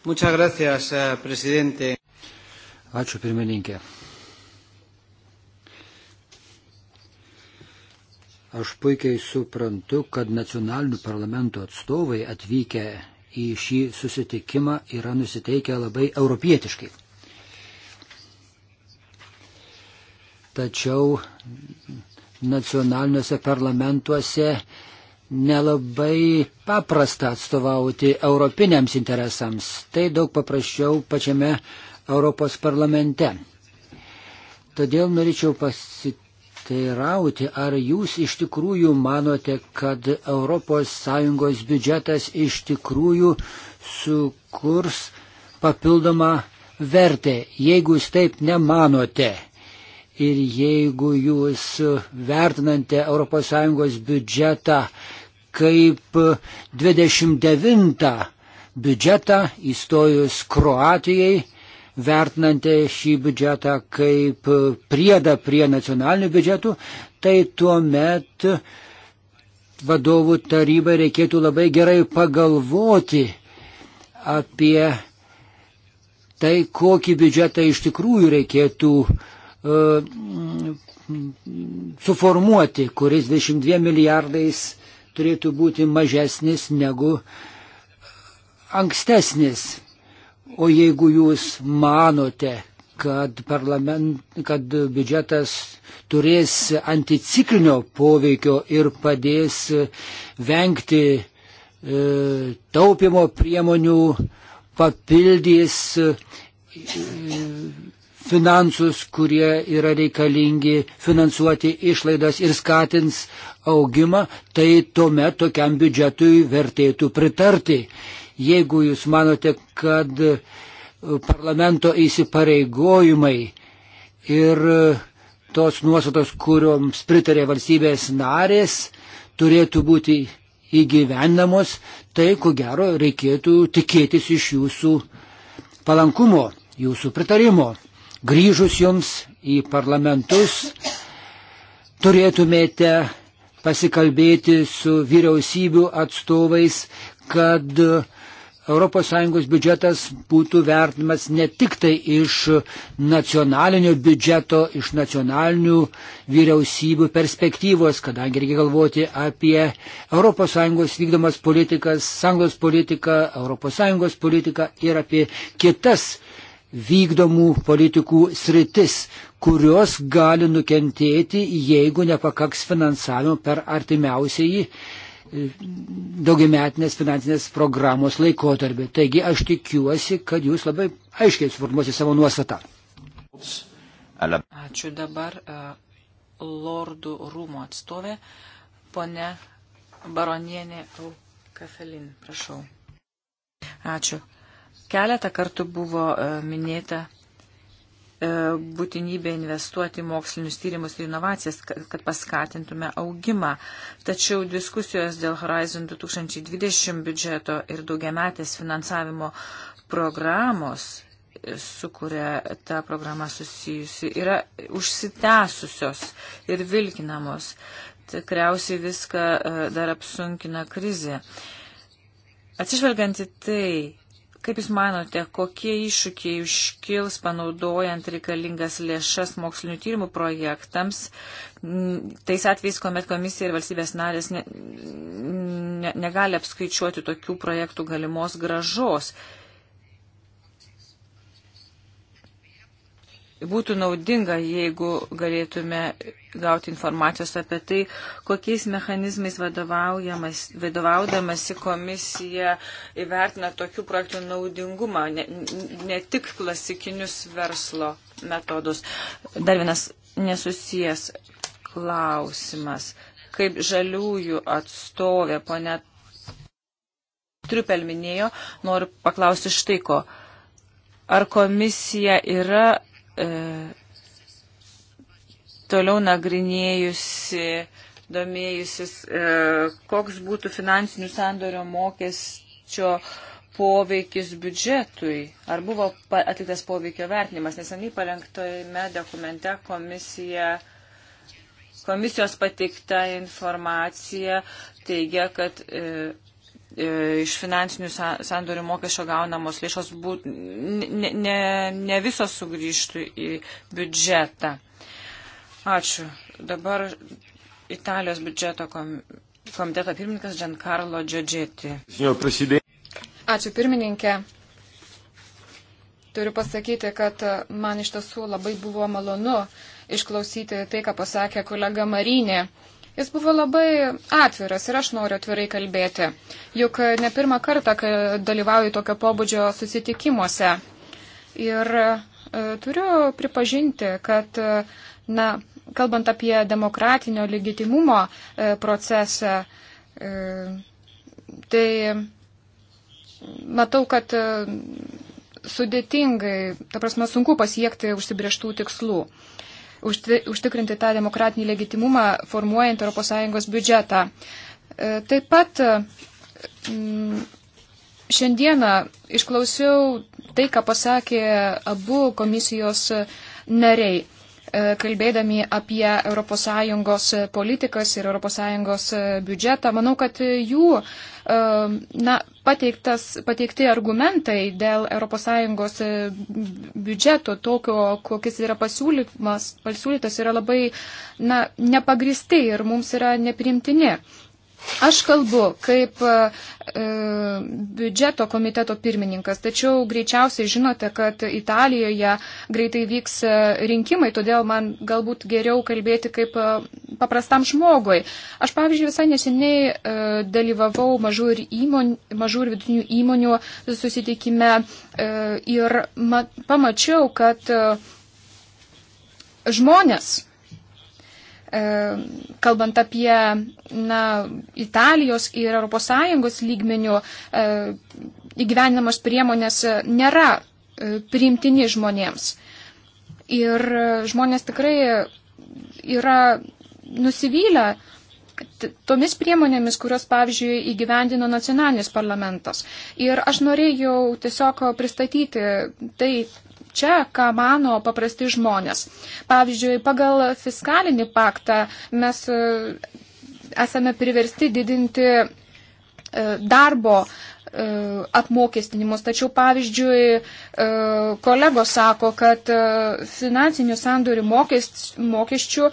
Muchas gracias, eh, presidente. Ačiū pirmininkė. Aš puikiai suprantu, kad nacionalinių parlamentų atstovai atvykę į šį susitikimą yra nusiteikę labai europietiškai. Tačiau nacionaliniuose parlamentuose nelabai paprasta atstovauti europiniams interesams. Tai daug paprasčiau pačiame Europos parlamente. Todėl norėčiau pasiteirauti, ar jūs iš tikrųjų manote, kad ES biudžetas iš tikrųjų sukurs papildomą vertę, jeigu jūs taip nemanote. Ir jeigu jūs vertinate ES biudžetą kaip 29 biudžetą įstojus Kroatijai, vertinantį šį biudžetą kaip priedą prie nacionalinių biudžetų, tai tuomet vadovų tarybai reikėtų labai gerai pagalvoti apie tai, kokį biudžetą iš tikrųjų reikėtų uh, suformuoti, kuris 22 milijardais turėtų būti mažesnis negu ankstesnis. O jeigu jūs manote, kad, kad biudžetas turės anticiklinio poveikio ir padės vengti e, taupimo priemonių, papildys e, finansus, kurie yra reikalingi finansuoti išlaidas ir skatins augimą, tai tuomet tokiam biudžetui vertėtų pritarti. Jeigu jūs manote, kad e, parlamento įsipareigojimai ir e, tos nuostatos, kurioms pritarė valstybės narės, turėtų būti įgyvendamos, tai ko gero reikėtų tikėtis iš jūsų palankumo, jūsų pritarimo. Grįžus jums į parlamentus turėtumėte pasikalbėti su vyriausybių atstovais, kad uh, ES biudžetas būtų vertinamas ne tik tai iš nacionalinio biudžeto, iš nacionalinių vyriausybių perspektyvos, kadangi reikia galvoti apie ES vykdomas politikas, sąjungos politiką, ES politiką ir apie kitas vykdomų politikų sritis, kurios gali nukentėti, jeigu nepakaks finansavimo per artimiausiai daugiametinės finansinės programos laikotarpį. Taigi aš tikiuosi, kad jūs labai aiškiai suformuosite savo nuostatą. Ačiū dabar e, Lordų rūmų atstovė, ponė baronienė Kafelin, prašau. Ačiū. Keletą kartų buvo e, minėta E, būtinybė investuoti mokslinius tyrimus ir inovacijas, kad paskatintume augimą. Tačiau diskusijos dėl Horizon 2020 biudžeto ir daugiametės finansavimo programos e, su kuria ta programa susijusi, yra užsitęsusios ir vilkinamos. Tikriausiai viską e, dar apsunkina krizė. Atsižvelgiant į tai, Kaip Jūs manote, kokie iššūkiai iškils panaudojant reikalingas lėšas mokslinių tyrimų projektams, tais atvejais, kuomet komisija ir valstybės narės ne, ne, negali apskaičiuoti tokių projektų galimos gražos? būtų naudinga, jeigu galėtume gauti informacijos apie tai, kokiais mechanizmais vadovaudamasi komisija įvertina tokių projektų naudingumą, ne, ne tik klasikinius verslo metodus. Dar vienas nesusijęs klausimas. Kaip žaliųjų atstovė, ponė Triupel minėjo, noriu paklausti štai ko. Ar komisija yra e, toliau nagrinėjusi, domėjusis, e, koks būtų finansinių sandorio mokesčio poveikis biudžetui. Ar buvo atliktas poveikio vertinimas? Neseniai parengtojame dokumente komisija. Komisijos pateikta informacija teigia, kad e, E, iš finansinių sandorių mokesčio gaunamos lėšos būt, ne, ne, ne visos sugrįžtų į biudžetą. Ačiū. Dabar Italijos biudžeto komiteto pirmininkas Giancarlo Džodžeti. Ačiū pirmininkė. Turiu pasakyti, kad man iš tiesų labai buvo malonu išklausyti tai, ką pasakė kolega Marinė. Jis buvo labai atviras ir aš noriu atvirai kalbėti, juk ne pirmą kartą dalyvauju tokio pobūdžio susitikimuose. Ir e, turiu pripažinti, kad, e, na, kalbant apie demokratinio legitimumo e, procesą, e, tai matau, kad e, sudėtingai, ta prasme, sunku pasiekti užsibrieštų tikslų. E, užtikrinti tą demokratinį legitimumą formuojant ES biudžetą. E, taip pat e, šiandieną išklausiau tai, ką pasakė abu komisijos nariai. E, kalbėdami apie ES politikas ir ES e, biudžetą, manau, kad jų e, na, pateiktas, pateikti argumentai dėl ES biudžeto, tokio, kokis yra pasiūlytas, yra labai na, nepagristi ir mums yra neprimtini. Aš kalbu kaip e, e, biudžeto komiteto pirmininkas, tačiau greičiausiai žinote, kad Italijoje greitai vyks e, rinkimai, todėl man galbūt geriau kalbėti kaip e, paprastam žmogui. Aš, pavyzdžiui, visai neseniai e, dalyvavau mažų ir, įmon, mažų ir vidutinių įmonių susitikime e, ir ma, pamačiau, kad e, žmonės E, kalbant apie na, Italijos ir ES lygmenių e, įgyvenimas priemonės nėra e, priimtini žmonėms. Ir žmonės tikrai yra nusivylę tomis priemonėmis, kurios, pavyzdžiui, įgyvendino nacionalinis parlamentas. Ir aš norėjau tiesiog pristatyti tai, čia, ką mano paprasti žmonės. Pavyzdžiui, pagal fiskalinį paktą mes e, esame priversti didinti e, darbo e, apmokestinimus. Tačiau, pavyzdžiui, kolegos sako, kad finansinių sandorių mokesčių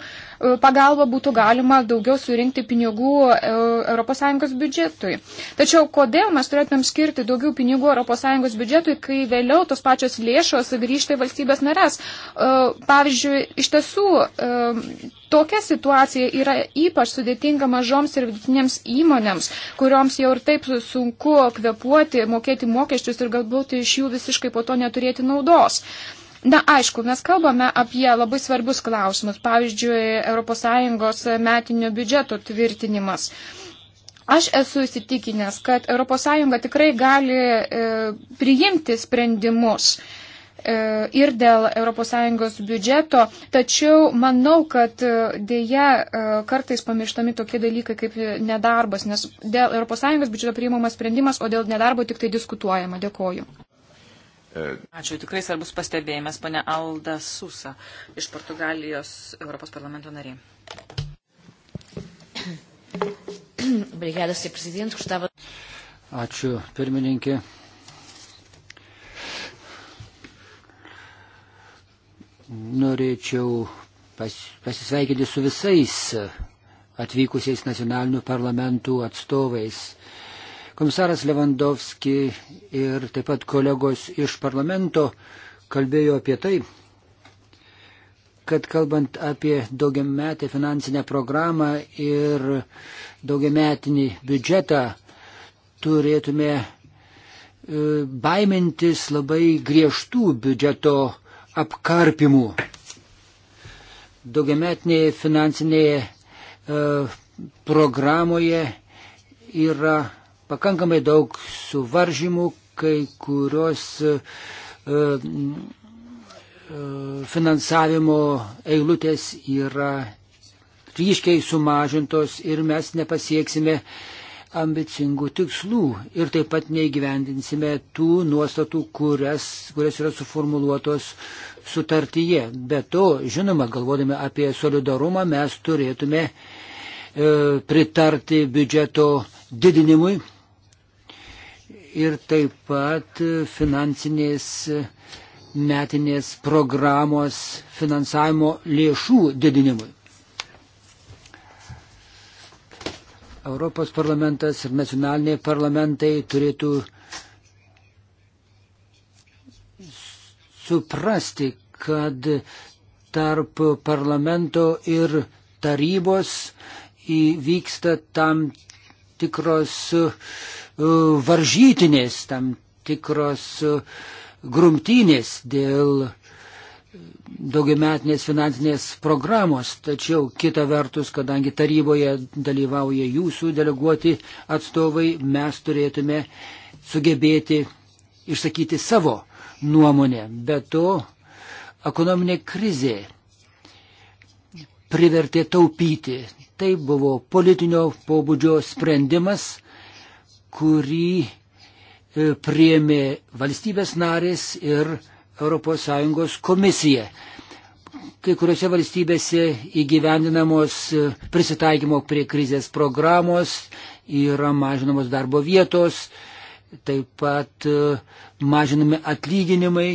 pagalba būtų galima daugiau surinkti pinigų e, ES biudžetui. Tačiau kodėl mes turėtumėm skirti daugiau pinigų ES biudžetui, kai vėliau tos pačios lėšos grįžta į valstybės nares? E, pavyzdžiui, iš tiesų e, tokia situacija yra ypač sudėtinga mažoms ir vidutinėms įmonėms, kurioms jau ir taip sunku kvepuoti, mokėti mokesčius ir galbūt iš jų visiškai po to neturėti naudos. Uh, Na, aišku, mes kalbame apie labai svarbius klausimus, pavyzdžiui, ES metinio biudžeto tvirtinimas. Aš esu įsitikinęs, kad ES tikrai gali e, priimti sprendimus e, ir dėl ES biudžeto, tačiau manau, kad e, dėja e, kartais pamirštami tokie dalykai kaip nedarbas, nes dėl ES biudžeto priimamas sprendimas, o dėl nedarbo tik tai diskutuojama. Dėkoju. Ačiū, tikrai svarbus pastebėjimas, pane Alda Susa iš Portugalijos Europos parlamento narė. Brigadas, prezident, Gustavo. Ačiū, pirmininkė. Norėčiau pas, pasisveikinti su visais atvykusiais nacionalinių parlamentų atstovais. Uh, Komisaras Levandovski ir taip pat kolegos iš parlamento kalbėjo apie tai, kad kalbant apie daugiametę finansinę programą ir daugiametinį biudžetą, turėtume e, baimintis labai griežtų biudžeto apkarpimų. Daugiametinėje finansinėje programoje yra pakankamai daug suvaržymų, kai kurios e, e, finansavimo eilutės yra ryškiai sumažintos ir mes nepasieksime ambicingų tikslų ir taip pat neįgyvendinsime tų nuostatų, kurias, kurias yra suformuluotos sutartyje. Be to, žinoma, galvodami apie solidarumą, mes turėtume e, pritarti biudžeto didinimui ir taip pat finansinės metinės programos finansavimo lėšų didinimui. Europos parlamentas ir nacionaliniai parlamentai turėtų suprasti, kad tarp parlamento ir tarybos įvyksta tam tikros uh, E, varžytinės, tam tikros e, grumtynės dėl e, daugiametinės finansinės programos, tačiau kita vertus, kadangi taryboje dalyvauja jūsų deleguoti atstovai, mes turėtume sugebėti išsakyti savo nuomonę. Be to, ekonominė krizė privertė taupyti. Tai buvo politinio pobūdžio sprendimas, kurį e, priemė valstybės narės ir ES komisija. Kai kuriuose valstybėse įgyvendinamos e, prisitaikymo prie krizės programos yra mažinamos darbo vietos, taip pat e, mažinami atlyginimai.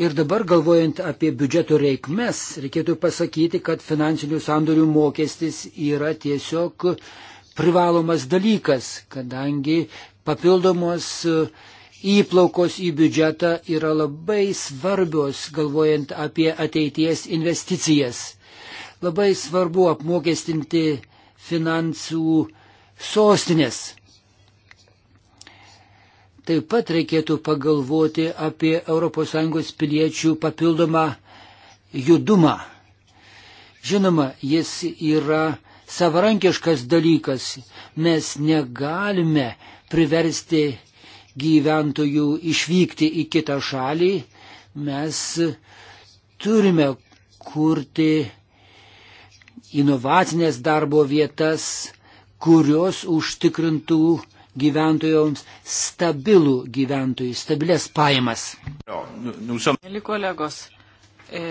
Ir dabar galvojant apie biudžeto reikmes, reikėtų pasakyti, kad finansinių sandorių mokestis yra tiesiog privalomas dalykas, kadangi papildomos e, įplaukos į biudžetą yra labai svarbios, galvojant apie ateities investicijas. Labai svarbu apmokestinti finansų sostinės. Taip pat reikėtų pagalvoti apie ES piliečių papildomą judumą. Žinoma, jis yra savarankiškas dalykas. Mes negalime priversti gyventojų išvykti į kitą šalį. Mes turime kurti inovacinės darbo vietas, kurios užtikrintų gyventojams stabilų gyventojų, stabilės pajamas. Nu, nu, nu, Mėly kolegos, e,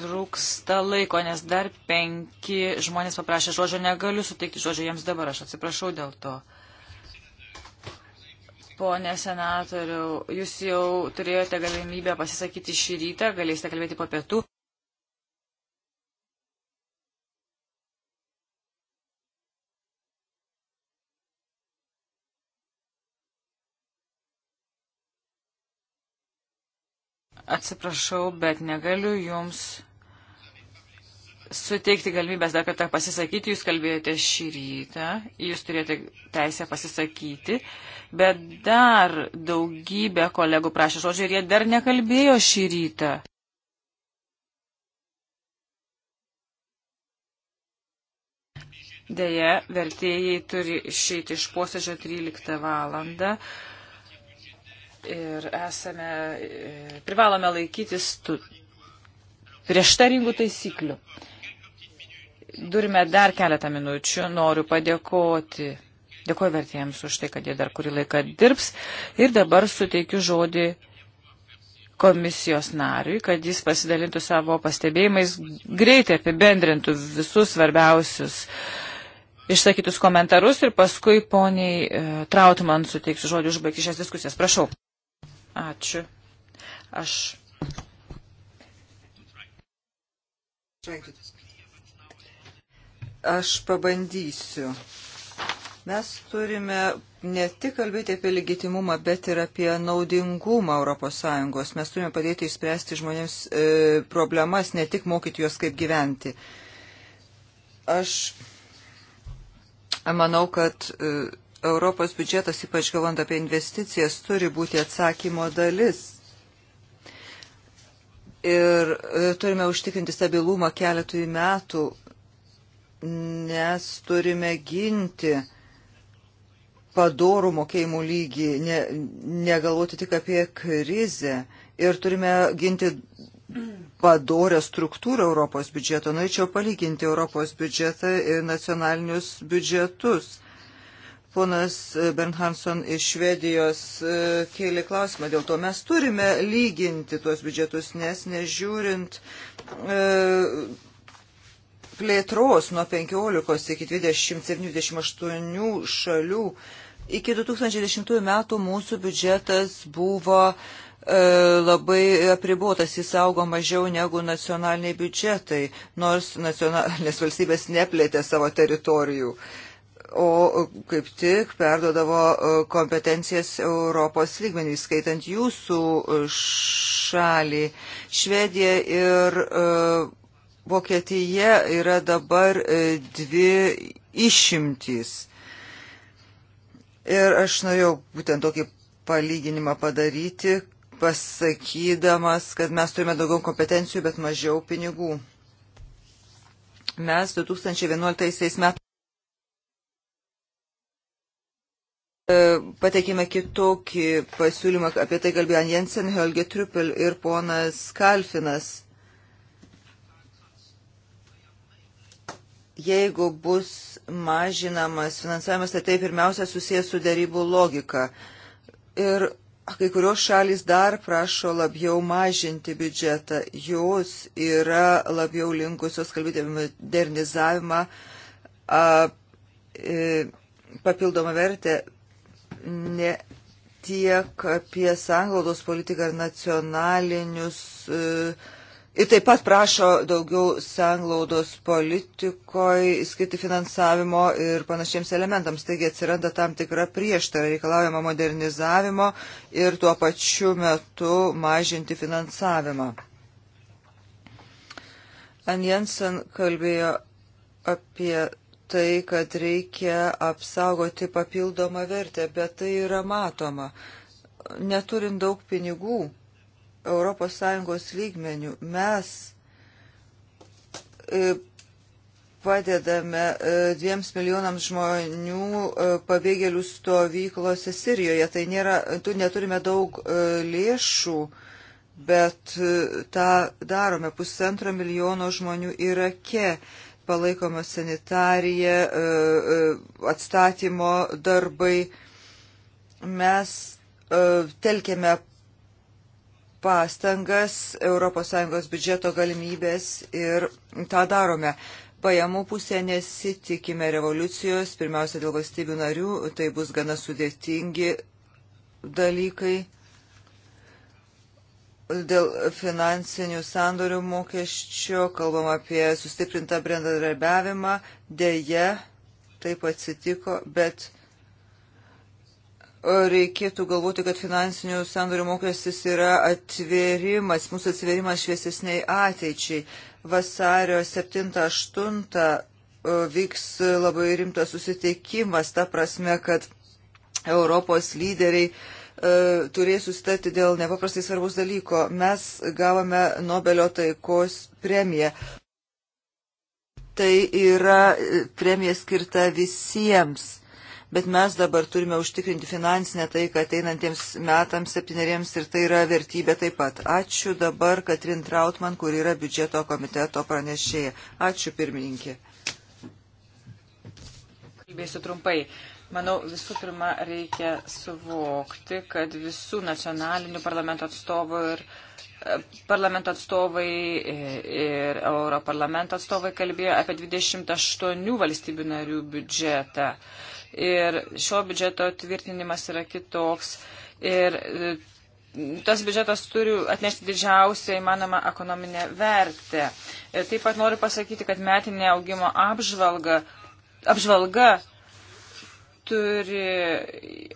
trūksta laiko, nes dar penki žmonės paprašė žodžio, negaliu suteikti žodžio jiems dabar, aš atsiprašau dėl to. Pone senatoriu, jūs jau turėjote galimybę pasisakyti šį rytą, galėsite kalbėti po pietų. Atsiprašau, bet negaliu jums suteikti galimybės dar kartą pasisakyti. Jūs kalbėjote šį rytą, jūs turėjote teisę pasisakyti, bet dar daugybė kolegų prašė žodžio ir jie dar nekalbėjo šį rytą. Deja, vertėjai turi išeiti iš posėdžio 13 valandą ir esame, e, privalome laikytis tų prieštaringų taisyklių. Durime dar keletą minučių, noriu padėkoti. Dėkuoju vertėjams už tai, kad jie dar kurį laiką dirbs. Ir dabar suteikiu žodį komisijos nariui, kad jis pasidalintų savo pastebėjimais, greitai apibendrintų visus svarbiausius išsakytus komentarus ir paskui poniai e, Trautman suteiksiu žodį užbaigti šias diskusijas. Prašau. Ačiū. Aš. Aš pabandysiu. Mes turime ne tik kalbėti apie legitimumą, bet ir apie naudingumą ES. Mes turime padėti išspręsti žmonėms e, problemas, ne tik mokyti juos kaip gyventi. Aš manau, kad e, Europos biudžetas, ypač galvant apie investicijas, turi būti atsakymo dalis. Ir e, turime užtikrinti stabilumą keletui metų nes turime ginti padorų mokėjimų lygį, ne, negalvoti tik apie krizę ir turime ginti padorę struktūrą Europos biudžeto. Norėčiau palyginti Europos biudžetą ir nacionalinius biudžetus. Ponas Bernhanson iš Švedijos e, kėlė klausimą, dėl to mes turime lyginti tuos biudžetus, nes nežiūrint e, plėtros nuo 15 iki 27-28 šalių. Iki 2010 metų mūsų biudžetas buvo e, labai apribuotas, jis augo mažiau negu nacionaliniai biudžetai, nors nacionalinės (laughs) valstybės neplėtė savo teritorijų. O kaip tik perdodavo e, kompetencijas Europos lygmenį, skaitant jūsų e, šalį. Švedija ir e, Vokietija yra dabar e, dvi išimtys. Ir aš norėjau būtent tokį palyginimą padaryti, pasakydamas, kad mes turime daugiau kompetencijų, bet mažiau pinigų. Mes 2011 metais e, pateikėme kitokį pasiūlymą, apie tai kalbėjo Jensen, Helge Trupel ir ponas Kalfinas Jeigu bus mažinamas finansavimas, tai tai pirmiausia susijęs su darybų logika. Ir kai kurios šalis dar prašo labiau mažinti biudžetą. Jos yra labiau linkusios kalbėti apie modernizavimą, a, e, papildomą vertę, ne tiek apie sanglaudos politiką ar nacionalinius. E, Ir taip pat prašo daugiau sanglaudos politikoje skirti finansavimo ir panašiems elementams. Taigi atsiranda tam tikra prieštara reikalaujama modernizavimo ir tuo pačiu metu mažinti finansavimą. An Jensen kalbėjo apie tai, kad reikia apsaugoti papildomą vertę, bet tai yra matoma. Neturint daug pinigų, ES lygmenių mes e, padedame e, dviems milijonams žmonių e, pabėgėlių stovyklose Sirijoje. Tai nėra, tu neturime daug lėšų, bet tą darome pusantro milijono žmonių Irake. Palaikoma sanitarija, atstatymo darbai. Mes telkėme pastangas, ES biudžeto galimybės ir tą darome. Pajamų pusėje nesitikime revoliucijos, pirmiausia dėl valstybių narių, tai bus gana sudėtingi dalykai dėl finansinių sandorių mokesčio, kalbam apie sustiprintą bendradarbiavimą, dėje taip atsitiko, bet reikėtų galvoti, kad finansinių sandorių mokestis yra atvėrimas, mūsų atvėrimas šviesesniai ateičiai. Vasario 7-8 e, vyks labai rimtas susitikimas, ta prasme, kad Europos lyderiai e, turės susitarti dėl nepaprastai svarbus dalyko. Mes gavome Nobelio taikos premiją. Tai yra e, premija skirta visiems bet mes dabar turime užtikrinti finansinę tai, kad einantiems metams septyneriems ir tai yra vertybė taip pat. Ačiū dabar Katrin Trautman, kur yra biudžeto komiteto pranešėja. Ačiū pirmininkė. Kalbėsiu trumpai. Manau, visų pirma, reikia suvokti, kad visų nacionalinių parlamento atstovų ir e, parlamento atstovai e, ir Europarlamento atstovai kalbėjo apie 28 valstybių narių biudžetą ir šio biudžeto tvirtinimas yra kitoks. Ir e, tas biudžetas turi atnešti didžiausią įmanomą ekonominę vertę. Ir e, taip pat noriu pasakyti, kad metinė augimo apžvalga, apžvalga turi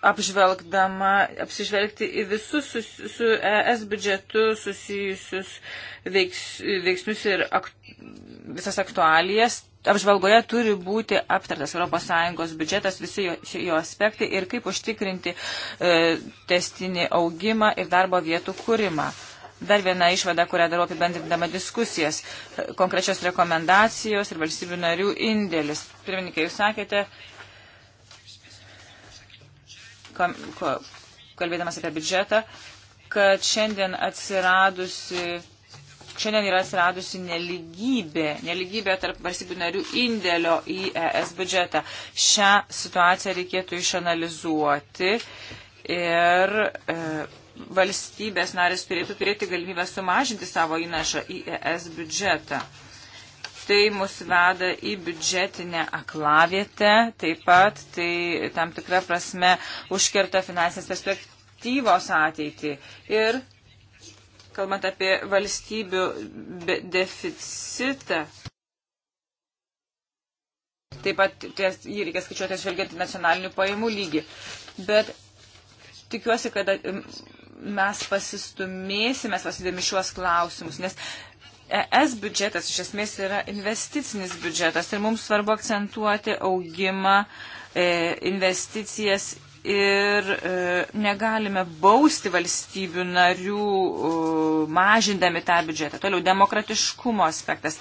apžvelgdama, apsižvelgti į visus su, su e ES biudžetu susijusius veiks, veiksnius ir ak, visas aktualijas, apžvalgoje turi būti aptartas ES biudžetas, visi jo, jo aspektai ir kaip užtikrinti e, testinį augimą ir darbo vietų kūrimą. Dar viena išvada, kurią darau apibendrindama diskusijas e, - konkrečios rekomendacijos ir valstybių narių indėlis. Pirmininkai, jūs sakėte, kom, ko, kalbėdamas apie biudžetą, kad šiandien atsiradusi šiandien yra atsiradusi neligybė, neligybė tarp valstybių narių indėlio į ES biudžetą. Šią situaciją reikėtų išanalizuoti ir e, valstybės narės turėtų turėti galimybę sumažinti savo įnašą į ES biudžetą. Tai mus veda į biudžetinę aklavietę, taip pat tai tam tikrą prasme užkerta finansinės perspektyvos ateitį. Ir kalbant apie valstybių deficitą. Taip pat ties, jį reikia skaičiuoti atsvelgiant į nacionalinių pajamų lygį. Bet tikiuosi, kad mes pasistumėsime svarstydami šiuos klausimus, nes ES biudžetas iš esmės yra investicinis biudžetas ir mums svarbu akcentuoti augimą, e, investicijas ir e, negalime bausti valstybių narių e, mažindami tą biudžetą. Toliau demokratiškumo aspektas.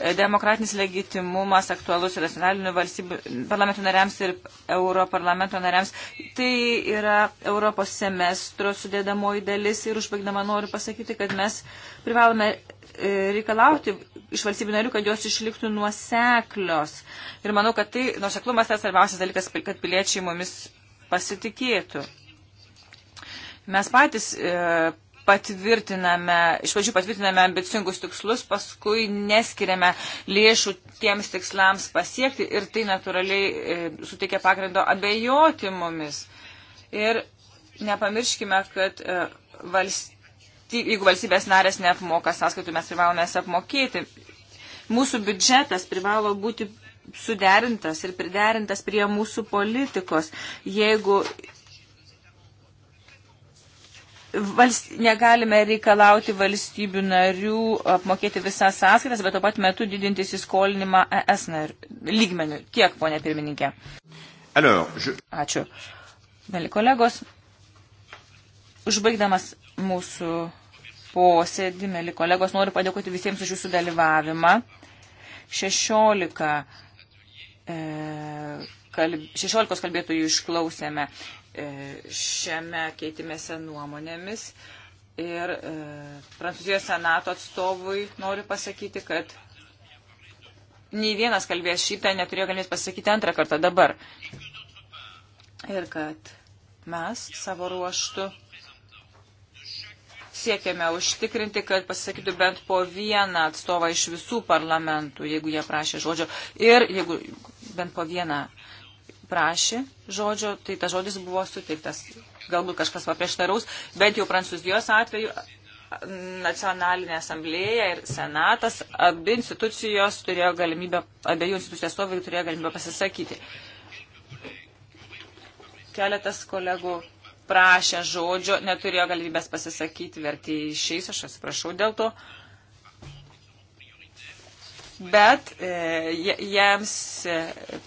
E, demokratinis legitimumas aktualus ir nacionalinių valstybių parlamento nariams ir europarlamento nariams. Tai yra Europos semestro sudėdamoji dalis ir užbaigdama noriu pasakyti, kad mes privalome e, reikalauti iš valstybių narių, kad jos išliktų nuoseklios. Ir manau, kad tai nuoseklumas yra svarbiausias dalykas, kad piliečiai mumis pasitikėtų. Mes patys e, patvirtiname, iš pradžių patvirtiname ambicingus tikslus, paskui neskiriame lėšų tiems tikslams pasiekti ir tai natūraliai e, suteikia pagrindo abejoti mumis. Ir nepamirškime, kad e, valsty, jeigu valstybės narės neapmoka sąskaitų, mes privalome jas apmokėti. Mūsų biudžetas privalo būti suderintas ir priderintas prie mūsų politikos. Jeigu valst, negalime reikalauti valstybių narių apmokėti visas sąskaitas, bet to pat metu didinti įsiskolinimą ES nar, lygmenių. Tiek, ponė pirmininkė. Alors, je... Ačiū. Mėly kolegos, užbaigdamas mūsų posėdį, mėly kolegos, noriu padėkoti visiems už jūsų dalyvavimą. 16 E, kalb, 16 kalbėtojų išklausėme e, šiame keitimėse nuomonėmis. Ir e, Prancūzijos senato atstovui noriu pasakyti, kad nei vienas kalbės šitą neturėjo galimės pasakyti antrą kartą dabar. Ir kad mes savo ruoštų siekiame užtikrinti, kad pasakytų bent po vieną atstovą iš visų parlamentų, jeigu jie prašė žodžio. Ir jeigu bent po vieną prašė žodžio, tai tas žodis buvo suteiktas. Galbūt kažkas paprieštaraus, bet jau Prancūzijos atveju nacionalinė asamblėja ir senatas, abi institucijos turėjo galimybę, abiejų institucijų atstovai turėjo galimybę pasisakyti. Keletas kolegų prašė žodžio, neturėjo galimybės pasisakyti, vertėjai išeis, aš atsiprašau dėl to. Uh, bet e, jiems e,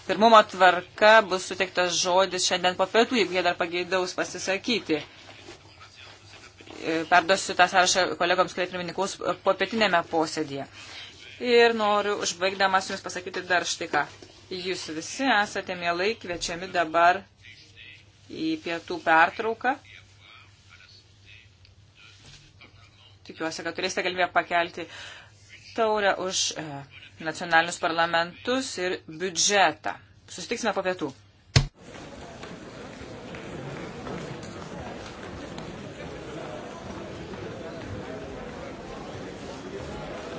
pirmumo tvarka bus suteiktas žodis šiandien po pietų, jeigu jie dar pageidaus pasisakyti. E, perduosiu tą sąrašą kolegoms, kurie pirmininkaus po pietinėme posėdėje. Ir noriu užbaigdamas Jums pasakyti dar štai ką. Jūs visi esate mielai kviečiami dabar į pietų pertrauką. Tikiuosi, kad turėsite galimybę pakelti taurę už e, nacionalinius parlamentus ir biudžetą. Susitiksime po pietų.